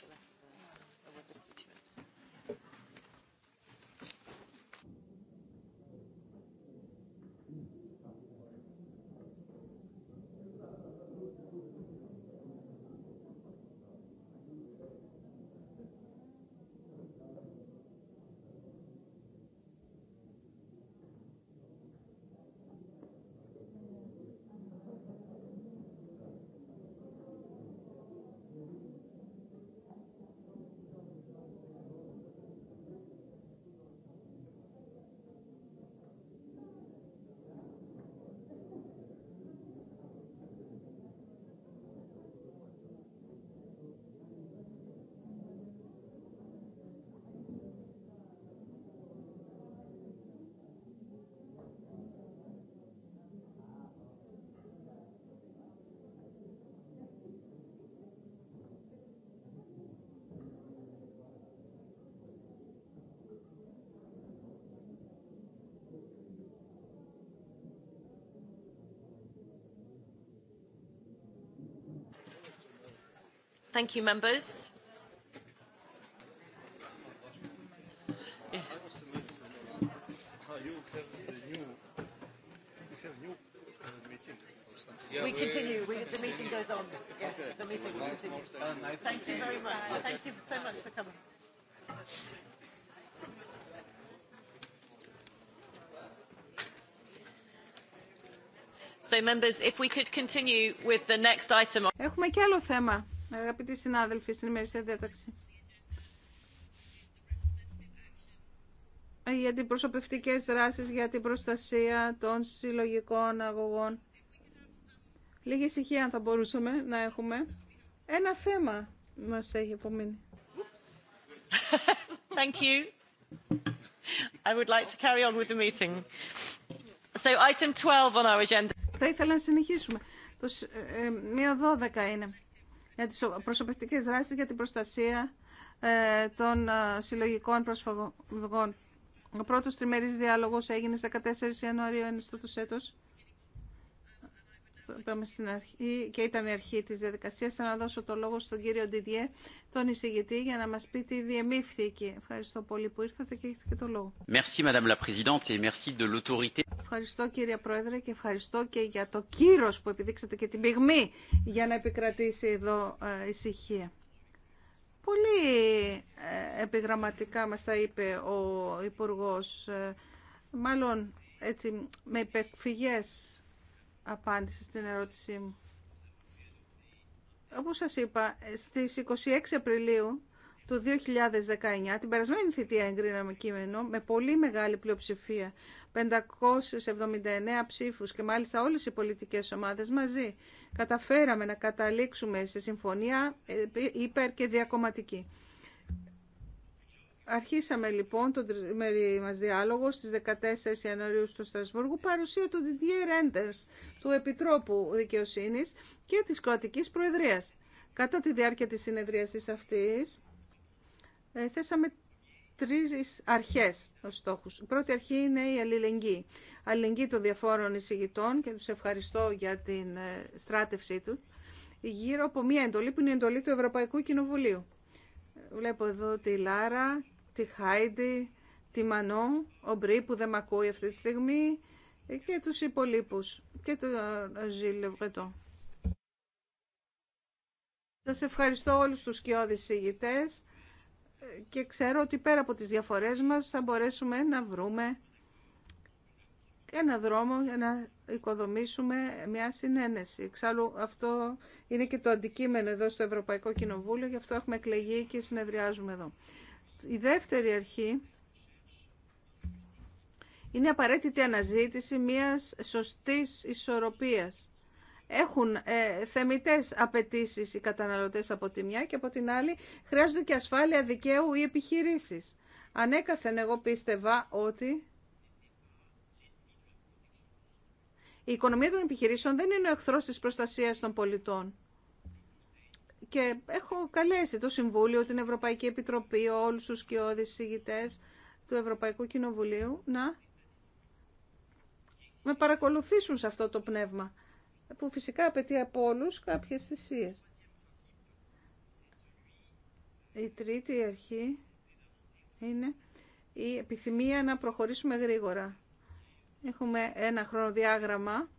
Thank you, members. Yes. We continue. We, the meeting goes on. Yes, the meeting will continue. Thank you very much. Thank you so much for coming. So, members, if we could continue with the next item. Έχουμε και άλλο θέμα. Αγαπητοί συνάδελφοι, στην ημερήσια διάταξη. Για την προσωπευτικές δράσεις για την προστασία των συλλογικών αγωγών. Λίγη ησυχία αν θα μπορούσαμε να έχουμε. Ένα θέμα μας έχει απομείνει. Thank you. I would like to carry on with the meeting. So item 12 on our agenda. Θα ήθελα να συνεχίσουμε. Το ε, ε, μια 12 είναι για τις προσωπευτικές δράσεις για την προστασία ε, των ε, συλλογικών προσφυγών. Ο πρώτος τριμερής διάλογος έγινε στις 14 Ιανουαρίου ενιστού είπαμε στην αρχή και ήταν η αρχή της διαδικασίας, θα να δώσω το λόγο στον κύριο Ντιδιέ τον εισηγητή, για να μας πει τι διεμήφθηκε. Ευχαριστώ πολύ που ήρθατε και έχετε και το λόγο. Merci, Madame la et merci de Ευχαριστώ κύριε Πρόεδρε και ευχαριστώ και για το κύρος που επιδείξατε και την πυγμή για να επικρατήσει εδώ ε, ησυχία. Πολύ ε, επιγραμματικά μας τα είπε ο Υπουργός, ε, μάλλον έτσι με υπεκφυγές απάντηση στην ερώτησή μου. Όπως σας είπα, στις 26 Απριλίου του 2019, την περασμένη θητεία εγκρίναμε κείμενο με πολύ μεγάλη πλειοψηφία, 579 ψήφους και μάλιστα όλες οι πολιτικές ομάδες μαζί. Καταφέραμε να καταλήξουμε σε συμφωνία ε, υπερ και διακομματική. Αρχίσαμε λοιπόν τον τριμερή μας διάλογο στις 14 Ιανουαρίου στο Στρασβούργο παρουσία του Didier Renders, του Επιτρόπου Δικαιοσύνης και της Κροατική Προεδρίας. Κατά τη διάρκεια της συνεδρίασης αυτής ε, θέσαμε τρεις αρχές ως στόχους. Η πρώτη αρχή είναι η αλληλεγγύη. Αλληλεγγύη των διαφόρων εισηγητών και τους ευχαριστώ για την ε, στράτευσή του γύρω από μια εντολή που είναι η εντολή του Ευρωπαϊκού Κοινοβουλίου. Βλέπω εδώ τη Λάρα τη Χάιντι, τη Μανό, ο Μπρί που δεν με ακούει αυτή τη στιγμή και τους υπολείπους και τον Ζήλ Λευγετό. Σας ευχαριστώ όλους τους σκιώδεις συγητές και ξέρω ότι πέρα από τις διαφορές μας θα μπορέσουμε να βρούμε ένα δρόμο για να οικοδομήσουμε μια συνένεση. Εξάλλου αυτό είναι και το αντικείμενο εδώ στο Ευρωπαϊκό Κοινοβούλιο, γι' αυτό έχουμε εκλεγεί και συνεδριάζουμε εδώ. Η δεύτερη αρχή είναι απαραίτητη αναζήτηση μιας σωστής ισορροπίας. Έχουν ε, θεμητές απαιτήσει οι καταναλωτές από τη μια και από την άλλη χρειάζονται και ασφάλεια δικαίου η επιχειρήσεις. Ανέκαθεν εγώ πίστευα ότι η οικονομία των επιχειρήσεων δεν είναι ο εχθρός της προστασίας των πολιτών. Και έχω καλέσει το Συμβούλιο, την Ευρωπαϊκή Επιτροπή, όλους τους κοιόδης συγητές του Ευρωπαϊκού Κοινοβουλίου να με παρακολουθήσουν σε αυτό το πνεύμα, που φυσικά απαιτεί από όλου κάποιες θυσίε. Η τρίτη αρχή είναι η επιθυμία να προχωρήσουμε γρήγορα. Έχουμε ένα χρονοδιάγραμμα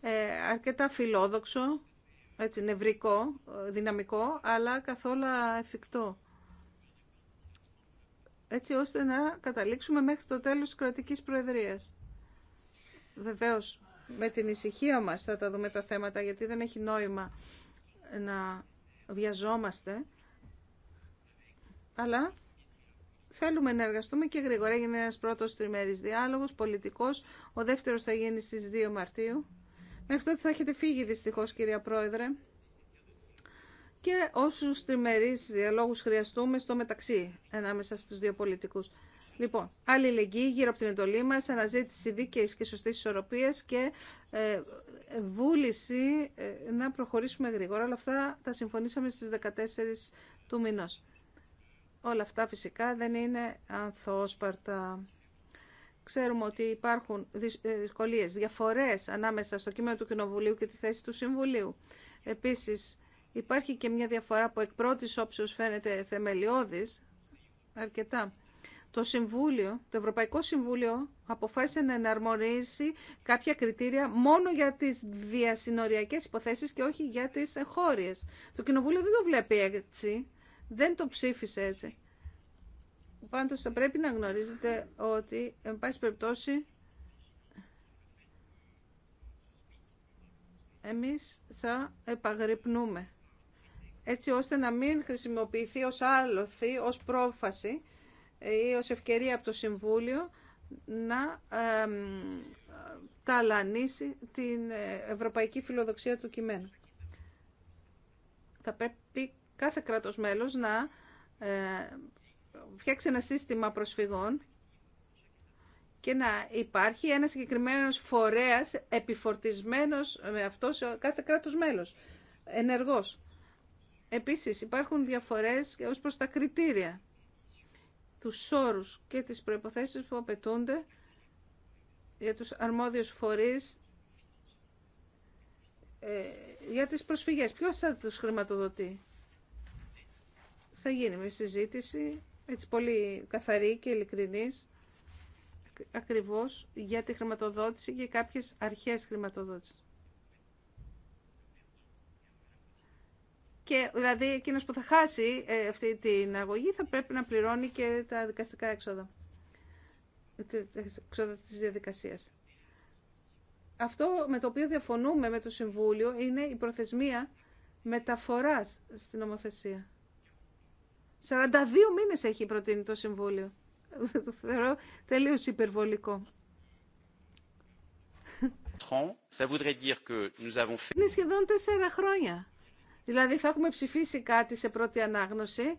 ε, αρκετά φιλόδοξο έτσι, νευρικό, ε, δυναμικό, αλλά καθόλου εφικτό. Έτσι ώστε να καταλήξουμε μέχρι το τέλος της κρατικής προεδρίας. Βεβαίως, με την ησυχία μας θα τα δούμε τα θέματα, γιατί δεν έχει νόημα να βιαζόμαστε. Αλλά θέλουμε να εργαστούμε και γρήγορα. Έγινε ένας πρώτος τριμέρης διάλογος, πολιτικός. Ο δεύτερος θα γίνει στις 2 Μαρτίου. Μέχρι τότε θα έχετε φύγει δυστυχώς κυρία Πρόεδρε και όσους τριμερείς διαλόγους χρειαστούμε στο μεταξύ ανάμεσα στους δύο πολιτικούς. Λοιπόν, αλληλεγγύη γύρω από την εντολή μας, αναζήτηση δίκαιης και σωστής ισορροπίας και ε, βούληση ε, να προχωρήσουμε γρήγορα. Όλα αυτά τα συμφωνήσαμε στις 14 του μηνός. Όλα αυτά φυσικά δεν είναι ανθόσπαρτα. Ξέρουμε ότι υπάρχουν ε, δυσκολίε, διαφορέ ανάμεσα στο κείμενο του Κοινοβουλίου και τη θέση του Συμβουλίου. Επίσης, υπάρχει και μια διαφορά που εκ πρώτης όψεως φαίνεται θεμελιώδης, αρκετά. Το Συμβούλιο, το Ευρωπαϊκό Συμβούλιο αποφάσισε να εναρμονίσει κάποια κριτήρια μόνο για τις διασυνοριακές υποθέσεις και όχι για τι εγχώριες. Το Κοινοβούλιο δεν το βλέπει έτσι, δεν το ψήφισε έτσι. Πάντως θα πρέπει να γνωρίζετε ότι, εν πάση περιπτώσει, εμείς θα επαγρυπνούμε. Έτσι ώστε να μην χρησιμοποιηθεί ως άλοθη, ως πρόφαση ε, ή ως ευκαιρία από το Συμβούλιο να ταλανίσει την ε, ευρωπαϊκή φιλοδοξία του κειμένου. Θα πρέπει κάθε κράτος μέλος να ε, φτιάξει ένα σύστημα προσφυγών και να υπάρχει ένα συγκεκριμένος φορέας επιφορτισμένος με αυτό σε κάθε κράτος μέλος, ενεργός. Επίσης υπάρχουν διαφορές ως προς τα κριτήρια, τους όρους και τις προϋποθέσεις που απαιτούνται για τους αρμόδιους φορείς ε, για τις προσφυγές. Ποιος θα τους χρηματοδοτεί. Θα γίνει μια συζήτηση έτσι πολύ καθαρή και ειλικρινής ακριβώς για τη χρηματοδότηση και κάποιες αρχές χρηματοδότησης. Και δηλαδή εκείνος που θα χάσει ε, αυτή την αγωγή θα πρέπει να πληρώνει και τα δικαστικά έξοδα. Τα έξοδα της διαδικασίας. Αυτό με το οποίο διαφωνούμε με το Συμβούλιο είναι η προθεσμία μεταφοράς στην νομοθεσία. 42 μήνες έχει προτείνει το Συμβούλιο. Το θεωρώ τελείως υπερβολικό. Είναι σχεδόν τέσσερα χρόνια. Δηλαδή θα έχουμε ψηφίσει κάτι σε πρώτη ανάγνωση,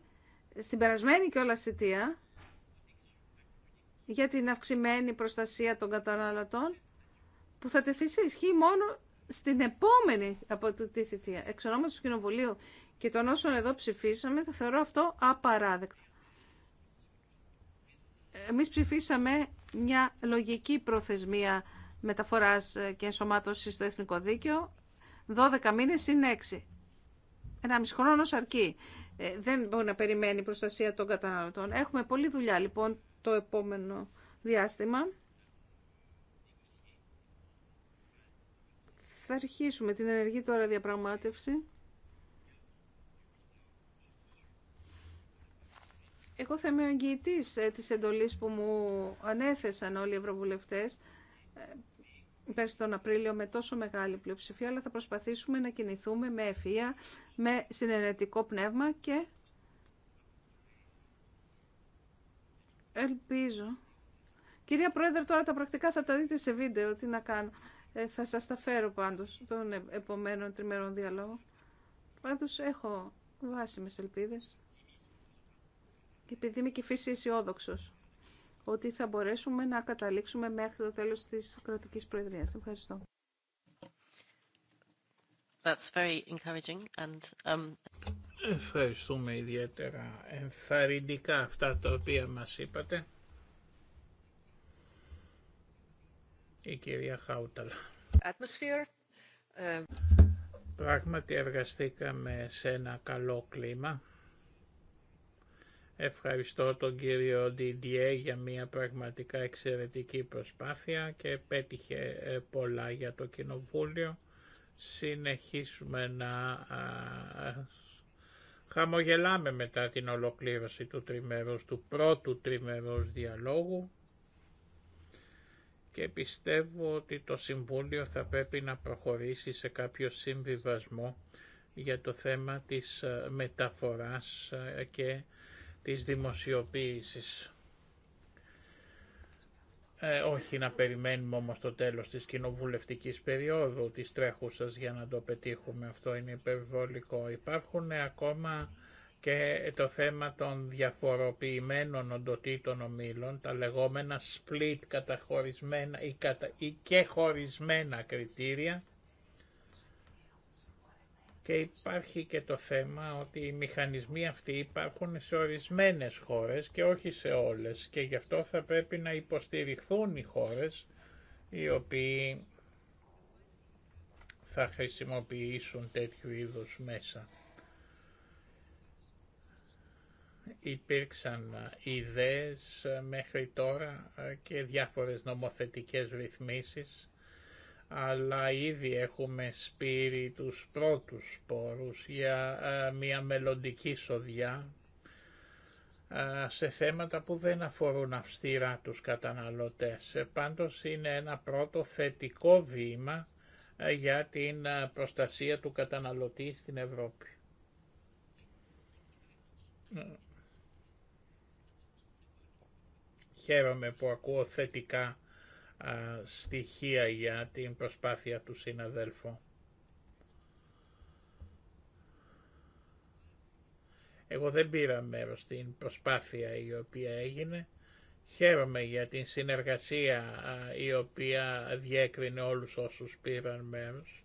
στην περασμένη και όλα θητεία, για την αυξημένη προστασία των καταναλωτών, που θα τεθεί σε ισχύ μόνο στην επόμενη από τη θητεία. Εξ ονόματος του Κοινοβουλίου και των όσων εδώ ψηφίσαμε, το θεωρώ αυτό απαράδεκτο. Εμείς ψηφίσαμε μια λογική προθεσμία μεταφοράς και ενσωμάτωσης στο Εθνικό Δίκαιο, 12 μήνες είναι 6. Ένα μισό χρόνο αρκεί. Ε, δεν μπορεί να περιμένει η προστασία των καταναλωτών. Έχουμε πολλή δουλειά λοιπόν το επόμενο διάστημα. Θα αρχίσουμε την ενεργή τώρα διαπραγμάτευση. Εγώ θα είμαι ο εγγυητής ε, της εντολής που μου ανέθεσαν όλοι οι ευρωβουλευτές ε, πέρσι τον Απρίλιο με τόσο μεγάλη πλειοψηφία, αλλά θα προσπαθήσουμε να κινηθούμε με ευφυΐα, με συνενετικό πνεύμα και ελπίζω. Κυρία Πρόεδρε, τώρα τα πρακτικά θα τα δείτε σε βίντεο, τι να κάνω. Ε, θα σας τα φέρω πάντως των επομένων τριμερών διαλόγων. Πάντως έχω βάσιμες ελπίδες και επειδή είμαι και φύση αισιόδοξο ότι θα μπορέσουμε να καταλήξουμε μέχρι το τέλος της κρατικής προεδρίας. Ευχαριστώ. Um, Ευχαριστούμε ιδιαίτερα ενθαρρυντικά αυτά τα οποία μας είπατε. Η κυρία Χάουταλα. Ε, Πράγματι εργαστήκαμε σε ένα καλό κλίμα. Ευχαριστώ τον κύριο Διντιέ για μια πραγματικά εξαιρετική προσπάθεια και πέτυχε ε, πολλά για το Κοινοβούλιο. Συνεχίσουμε να χαμογελάμε μετά την ολοκλήρωση του τριμερούς, του πρώτου τριμερούς διαλόγου και πιστεύω ότι το Συμβούλιο θα πρέπει να προχωρήσει σε κάποιο συμβιβασμό για το θέμα της ε, μεταφοράς ε, και της δημοσιοποίησης. Ε, όχι να περιμένουμε όμως το τέλος της κοινοβουλευτικής περίοδου της τρέχουσας για να το πετύχουμε. Αυτό είναι υπερβολικό. Υπάρχουν ακόμα και το θέμα των διαφοροποιημένων οντοτήτων ομίλων, τα λεγόμενα split καταχωρισμένα ή, κατα... ή και χωρισμένα κριτήρια, και υπάρχει και το θέμα ότι οι μηχανισμοί αυτοί υπάρχουν σε ορισμένες χώρες και όχι σε όλες και γι' αυτό θα πρέπει να υποστηριχθούν οι χώρες οι οποίοι θα χρησιμοποιήσουν τέτοιου είδους μέσα. Υπήρξαν ιδέες μέχρι τώρα και διάφορες νομοθετικές ρυθμίσεις αλλά ήδη έχουμε σπείρει τους πρώτους σπόρους για ε, μια μελλοντική σοδιά ε, σε θέματα που δεν αφορούν αυστηρά τους καταναλωτές. Ε, πάντως είναι ένα πρώτο θετικό βήμα για την προστασία του καταναλωτή στην Ευρώπη. Χαίρομαι που ακούω θετικά στοιχεία για την προσπάθεια του συναδέλφου. Εγώ δεν πήρα μέρος στην προσπάθεια η οποία έγινε. Χαίρομαι για την συνεργασία η οποία διέκρινε όλους όσους πήραν μέρος.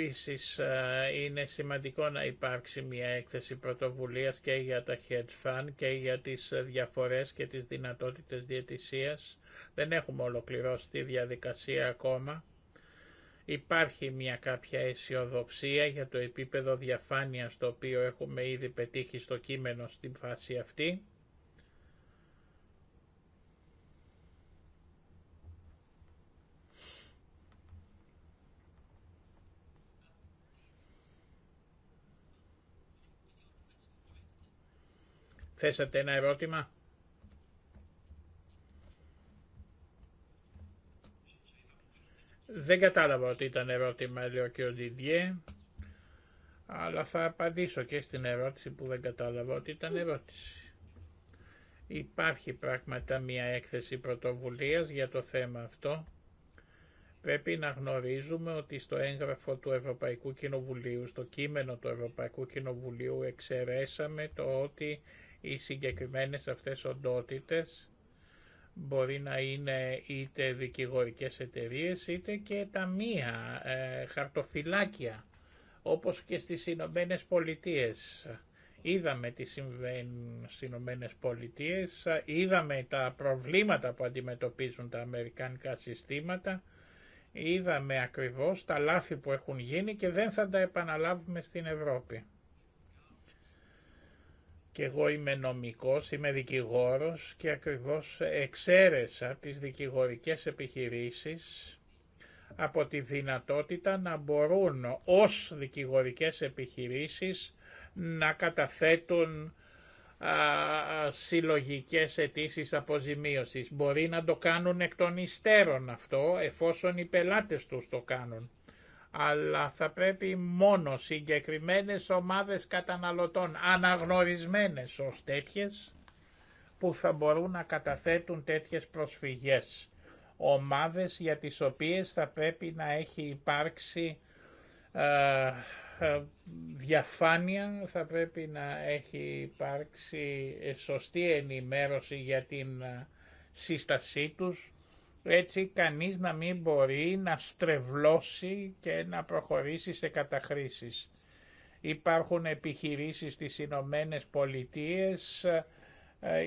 Επίσης ε, είναι σημαντικό να υπάρξει μια έκθεση πρωτοβουλίας και για τα hedge fund και για τις διαφορές και τις δυνατότητες διαιτησίας. Δεν έχουμε ολοκληρώσει τη διαδικασία ακόμα. Υπάρχει μια κάποια αισιοδοξία για το επίπεδο διαφάνειας το οποίο έχουμε ήδη πετύχει στο κείμενο στην φάση αυτή. Θέσατε ένα ερώτημα. Δεν κατάλαβα ότι ήταν ερώτημα, και ο κ. αλλά θα απαντήσω και στην ερώτηση που δεν κατάλαβα ότι ήταν ερώτηση. Υπάρχει πράγματα μια έκθεση πρωτοβουλίας για το θέμα αυτό. Πρέπει να γνωρίζουμε ότι στο έγγραφο του Ευρωπαϊκού Κοινοβουλίου, στο κείμενο του Ευρωπαϊκού Κοινοβουλίου, εξαιρέσαμε το ότι οι συγκεκριμένες αυτές οντότητες μπορεί να είναι είτε δικηγορικές εταιρείες είτε και ταμεία, μία ε, χαρτοφυλάκια, όπως και στις Ηνωμένε Πολιτείες. Είδαμε τι συμβαίνει στις Ηνωμένε Πολιτείες, είδαμε τα προβλήματα που αντιμετωπίζουν τα αμερικάνικα συστήματα, είδαμε ακριβώς τα λάθη που έχουν γίνει και δεν θα τα επαναλάβουμε στην Ευρώπη και εγώ είμαι νομικός, είμαι δικηγόρος και ακριβώς εξαίρεσα τις δικηγορικές επιχειρήσεις από τη δυνατότητα να μπορούν ως δικηγορικές επιχειρήσεις να καταθέτουν α, συλλογικές αιτήσει αποζημίωσης. Μπορεί να το κάνουν εκ των υστέρων αυτό εφόσον οι πελάτες τους το κάνουν αλλά θα πρέπει μόνο συγκεκριμένες ομάδες καταναλωτών, αναγνωρισμένες ως τέτοιες, που θα μπορούν να καταθέτουν τέτοιες προσφυγές. Ομάδες για τις οποίες θα πρέπει να έχει υπάρξει ε, ε, διαφάνεια, θα πρέπει να έχει υπάρξει σωστή ενημέρωση για την ε, σύστασή τους, έτσι κανείς να μην μπορεί να στρεβλώσει και να προχωρήσει σε καταχρήσεις. Υπάρχουν επιχειρήσεις στις Ηνωμένε Πολιτείες ε,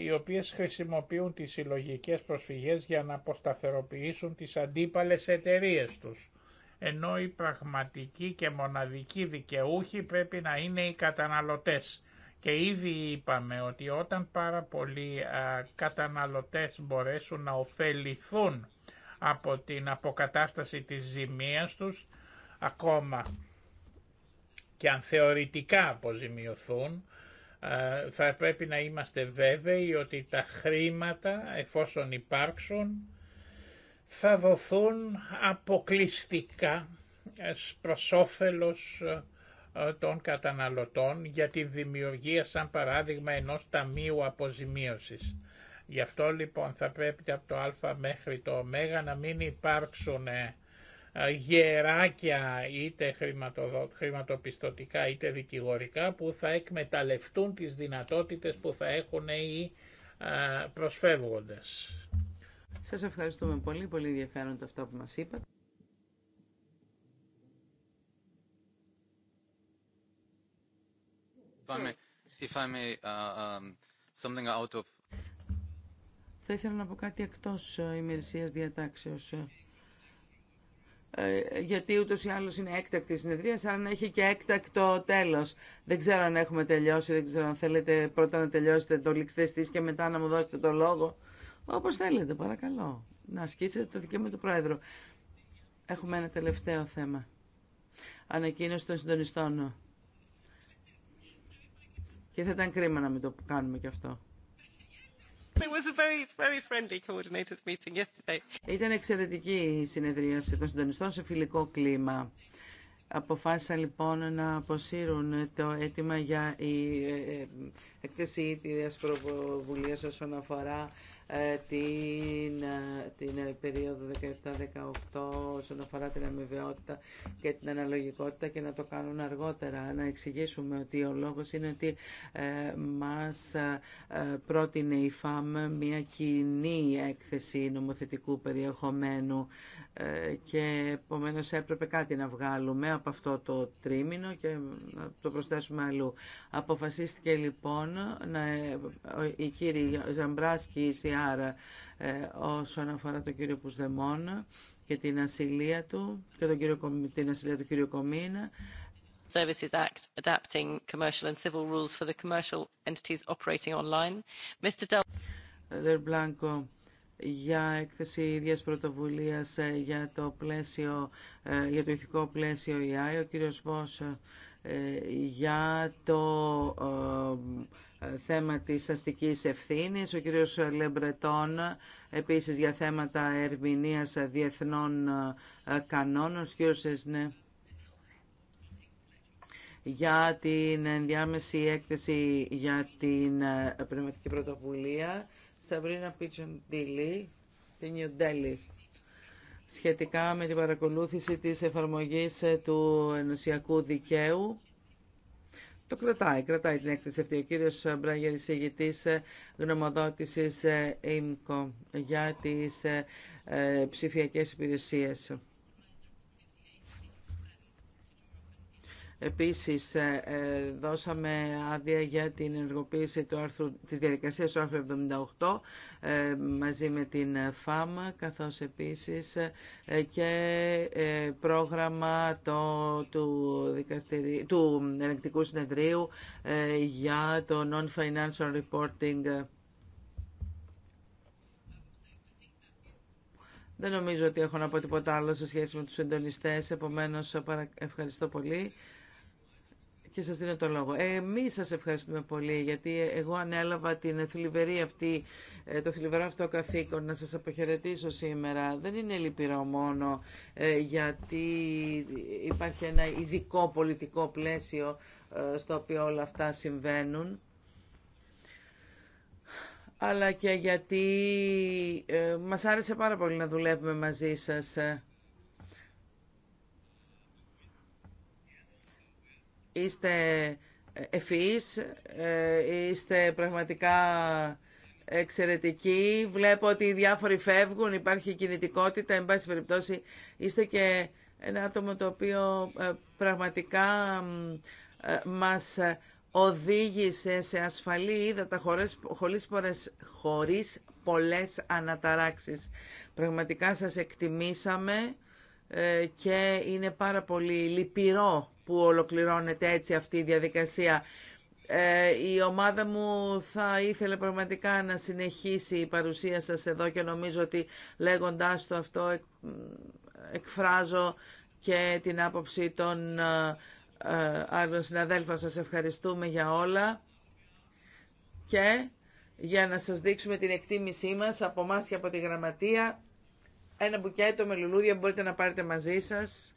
οι οποίες χρησιμοποιούν τις συλλογικέ προσφυγές για να αποσταθεροποιήσουν τις αντίπαλες εταιρείε τους, ενώ η πραγματική και μοναδικοί δικαιούχοι πρέπει να είναι οι καταναλωτές. Και ήδη είπαμε ότι όταν πάρα πολλοί α, ε, καταναλωτές μπορέσουν να ωφεληθούν από την αποκατάσταση της ζημίας τους, ακόμα και αν θεωρητικά αποζημιωθούν, ε, θα πρέπει να είμαστε βέβαιοι ότι τα χρήματα, εφόσον υπάρξουν, θα δοθούν αποκλειστικά ε, προς όφελος ε, των καταναλωτών για τη δημιουργία σαν παράδειγμα ενός ταμείου αποζημίωσης. Γι' αυτό λοιπόν θα πρέπει από το α μέχρι το ω να μην υπάρξουν ε, ε, γεράκια είτε χρηματοπιστωτικά είτε δικηγορικά που θα εκμεταλλευτούν τις δυνατότητες που θα έχουν οι ε, προσφεύγοντες. Σας ευχαριστούμε πολύ, πολύ ενδιαφέροντα αυτά που μας είπατε. if I uh, um, something out of θα ήθελα να πω κάτι εκτός ε, ημερησίας διατάξεως. Ε. Ε, γιατί ούτω ή άλλω είναι έκτακτη η συνεδρία, να έχει και έκτακτο τέλο. Δεν ξέρω αν έχουμε τελειώσει, δεν ξέρω αν θέλετε πρώτα να τελειώσετε το τη και μετά να μου δώσετε το λόγο. Όπω θέλετε, παρακαλώ. Να ασκήσετε το δικαίωμα του Πρόεδρου. Έχουμε ένα τελευταίο θέμα. Ανακοίνωση των συντονιστών. Και θα ήταν κρίμα να μην το κάνουμε κι αυτό. Ήταν εξαιρετική η συνεδρίαση των συντονιστών σε φιλικό κλίμα. Αποφάσισα λοιπόν να αποσύρουν το αίτημα για η ε, ε, ε, έκθεση ίδιας προβουλίας όσον αφορά ε, την, ε, την ε, περίοδο 17-18 όσον αφορά την αμοιβαιότητα και την αναλογικότητα και να το κάνουν αργότερα. Να εξηγήσουμε ότι ο λόγος είναι ότι μας πρότεινε η ΦΑΜ μια κοινή έκθεση νομοθετικού περιεχομένου και επομένως έπρεπε κάτι να βγάλουμε από αυτό το τρίμηνο και να το προσθέσουμε αλλού. Αποφασίστηκε λοιπόν να, η κύριοι Ζαμπράσκη, ε, όσον αφορά τον κύριο Πουσδεμόνα και την ασυλία του και τον κύριο, την ασυλία του κύριου Κομίνα. Services Act adapting commercial and civil rules for the commercial entities operating online. Mr. Del... Del Blanco, για έκθεση ίδιας πρωτοβουλίας ε, για το, πλαίσιο, ε, για το ηθικό πλαίσιο ΙΑΙ, ο κύριος Βόσα. Ε, για το ε, θέμα της αστικής ευθύνης, ο κύριος Λεμπρετών επίσης για θέματα ερμηνείας διεθνών ε, κανόνων, ο κύριος Σέσνε για την ενδιάμεση έκθεση για την πνευματική πρωτοβουλία, Σαβρίνα Πίτσον τίλι, την New σχετικά με την παρακολούθηση της εφαρμογής ε, του ενωσιακού δικαίου. Το κρατάει, κρατάει την έκθεση αυτή. Ο κύριος Μπράγερ, εισηγητής ε, γνωμοδότησης ε, ΙΜΚΟ για τις ψηφιακές υπηρεσίες. Επίσης, ε, ε, δώσαμε άδεια για την ενεργοποίηση του άρθρου, της διαδικασίας του άρθρου 78 ε, μαζί με την ΦΑΜΑ, καθώς επίσης και πρόγραμμα το, του, δικαστηρι... του ελεγκτικού συνεδρίου για το Non-Financial Reporting Δεν νομίζω ότι έχω να πω τίποτα άλλο σε σχέση με τους συντονιστές, επομένως ευχαριστώ πολύ και σας δίνω το λόγο. Εμείς σας ευχαριστούμε πολύ γιατί εγώ ανέλαβα την θλιβερή αυτή, ε, το θλιβερό αυτό καθήκον να σας αποχαιρετήσω σήμερα. Δεν είναι λυπηρό μόνο ε, γιατί υπάρχει ένα ειδικό πολιτικό πλαίσιο ε, στο οποίο όλα αυτά συμβαίνουν αλλά και γιατί μας άρεσε πάρα πολύ να δουλεύουμε μαζί σας είστε ευφυείς, ε, είστε πραγματικά εξαιρετικοί. Βλέπω ότι οι διάφοροι φεύγουν, υπάρχει κινητικότητα, εν πάση περιπτώσει είστε και ένα άτομο το οποίο ε, πραγματικά ε, μας οδήγησε σε ασφαλή ύδατα χωρίς, χωρίς, πολλές, χωρίς πολλές αναταράξεις. Πραγματικά σας εκτιμήσαμε ε, και είναι πάρα πολύ λυπηρό που ολοκληρώνεται έτσι αυτή η διαδικασία. Ε, η ομάδα μου θα ήθελε πραγματικά να συνεχίσει η παρουσία σας εδώ και νομίζω ότι λέγοντάς το αυτό εκφράζω και την άποψη των ε, άλλων συναδέλφων. Σας ευχαριστούμε για όλα και για να σας δείξουμε την εκτίμησή μας από εμά και από τη Γραμματεία ένα μπουκέτο με λουλούδια μπορείτε να πάρετε μαζί σας.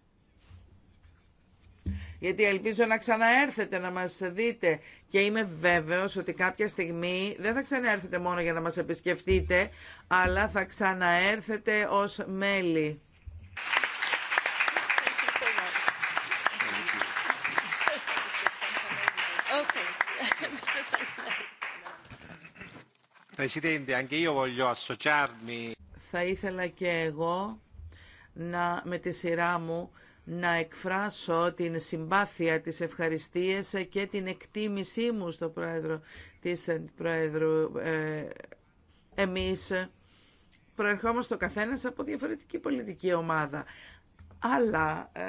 Γιατί ελπίζω να ξαναέρθετε να μας δείτε και είμαι βέβαιος ότι κάποια στιγμή δεν θα ξαναέρθετε μόνο για να μας επισκεφτείτε, αλλά θα ξαναέρθετε ως μέλη. Presidente, anche io voglio associarmi θα ήθελα και εγώ να, με τη σειρά μου να εκφράσω την συμπάθεια, τις ευχαριστίες και την εκτίμησή μου στο Πρόεδρο της Πρόεδρου. Ε, εμείς προερχόμαστε ο καθένας από διαφορετική πολιτική ομάδα. Αλλά ε,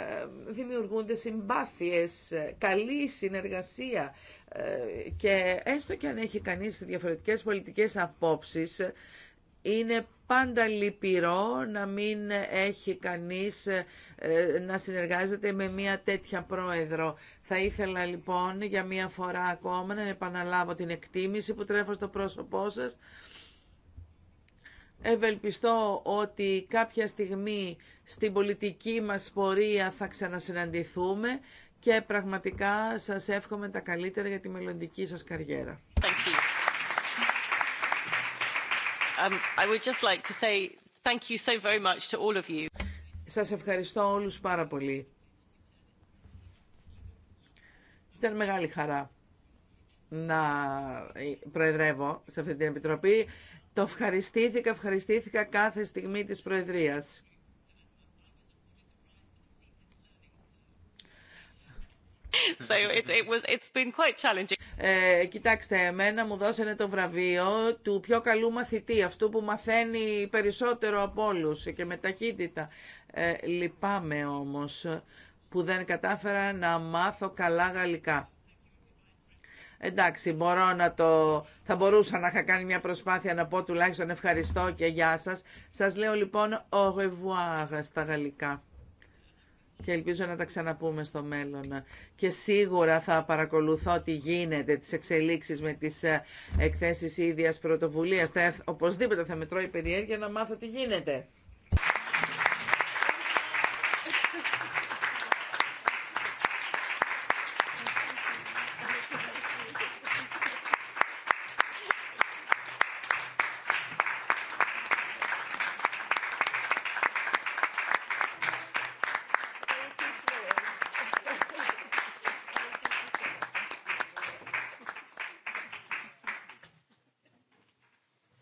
δημιουργούνται συμπάθειες, καλή συνεργασία ε, και έστω και αν έχει κανείς διαφορετικές πολιτικές απόψεις, είναι πάντα λυπηρό να μην έχει κανείς ε, να συνεργάζεται με μια τέτοια πρόεδρο. Θα ήθελα λοιπόν για μια φορά ακόμα να επαναλάβω την εκτίμηση που τρέφω στο πρόσωπό σας. Ευελπιστώ ότι κάποια στιγμή στην πολιτική μας πορεία θα ξανασυναντηθούμε και πραγματικά σας εύχομαι τα καλύτερα για τη μελλοντική σας καριέρα. Um, I like to say thank you so Σας ευχαριστώ όλους πάρα πολύ. Ήταν μεγάλη χαρά να ε, προεδρεύω σε αυτή την Επιτροπή. Το ευχαριστήθηκα, ευχαριστήθηκα κάθε στιγμή της Προεδρίας. So it, it was, it's been quite challenging. Ε, κοιτάξτε, εμένα μου δώσανε το βραβείο του πιο καλού μαθητή, αυτού που μαθαίνει περισσότερο από όλους και με ταχύτητα. Ε, λυπάμαι όμως που δεν κατάφερα να μάθω καλά γαλλικά. Εντάξει, μπορώ να το... θα μπορούσα να είχα κάνει μια προσπάθεια να πω τουλάχιστον ευχαριστώ και γεια σας. Σας λέω λοιπόν au revoir στα γαλλικά και ελπίζω να τα ξαναπούμε στο μέλλον. Και σίγουρα θα παρακολουθώ τι γίνεται, τις εξελίξεις με τις ε, εκθέσεις ίδιας πρωτοβουλίας. Θα, οπωσδήποτε θα μετρώει περιέργεια να μάθω τι γίνεται.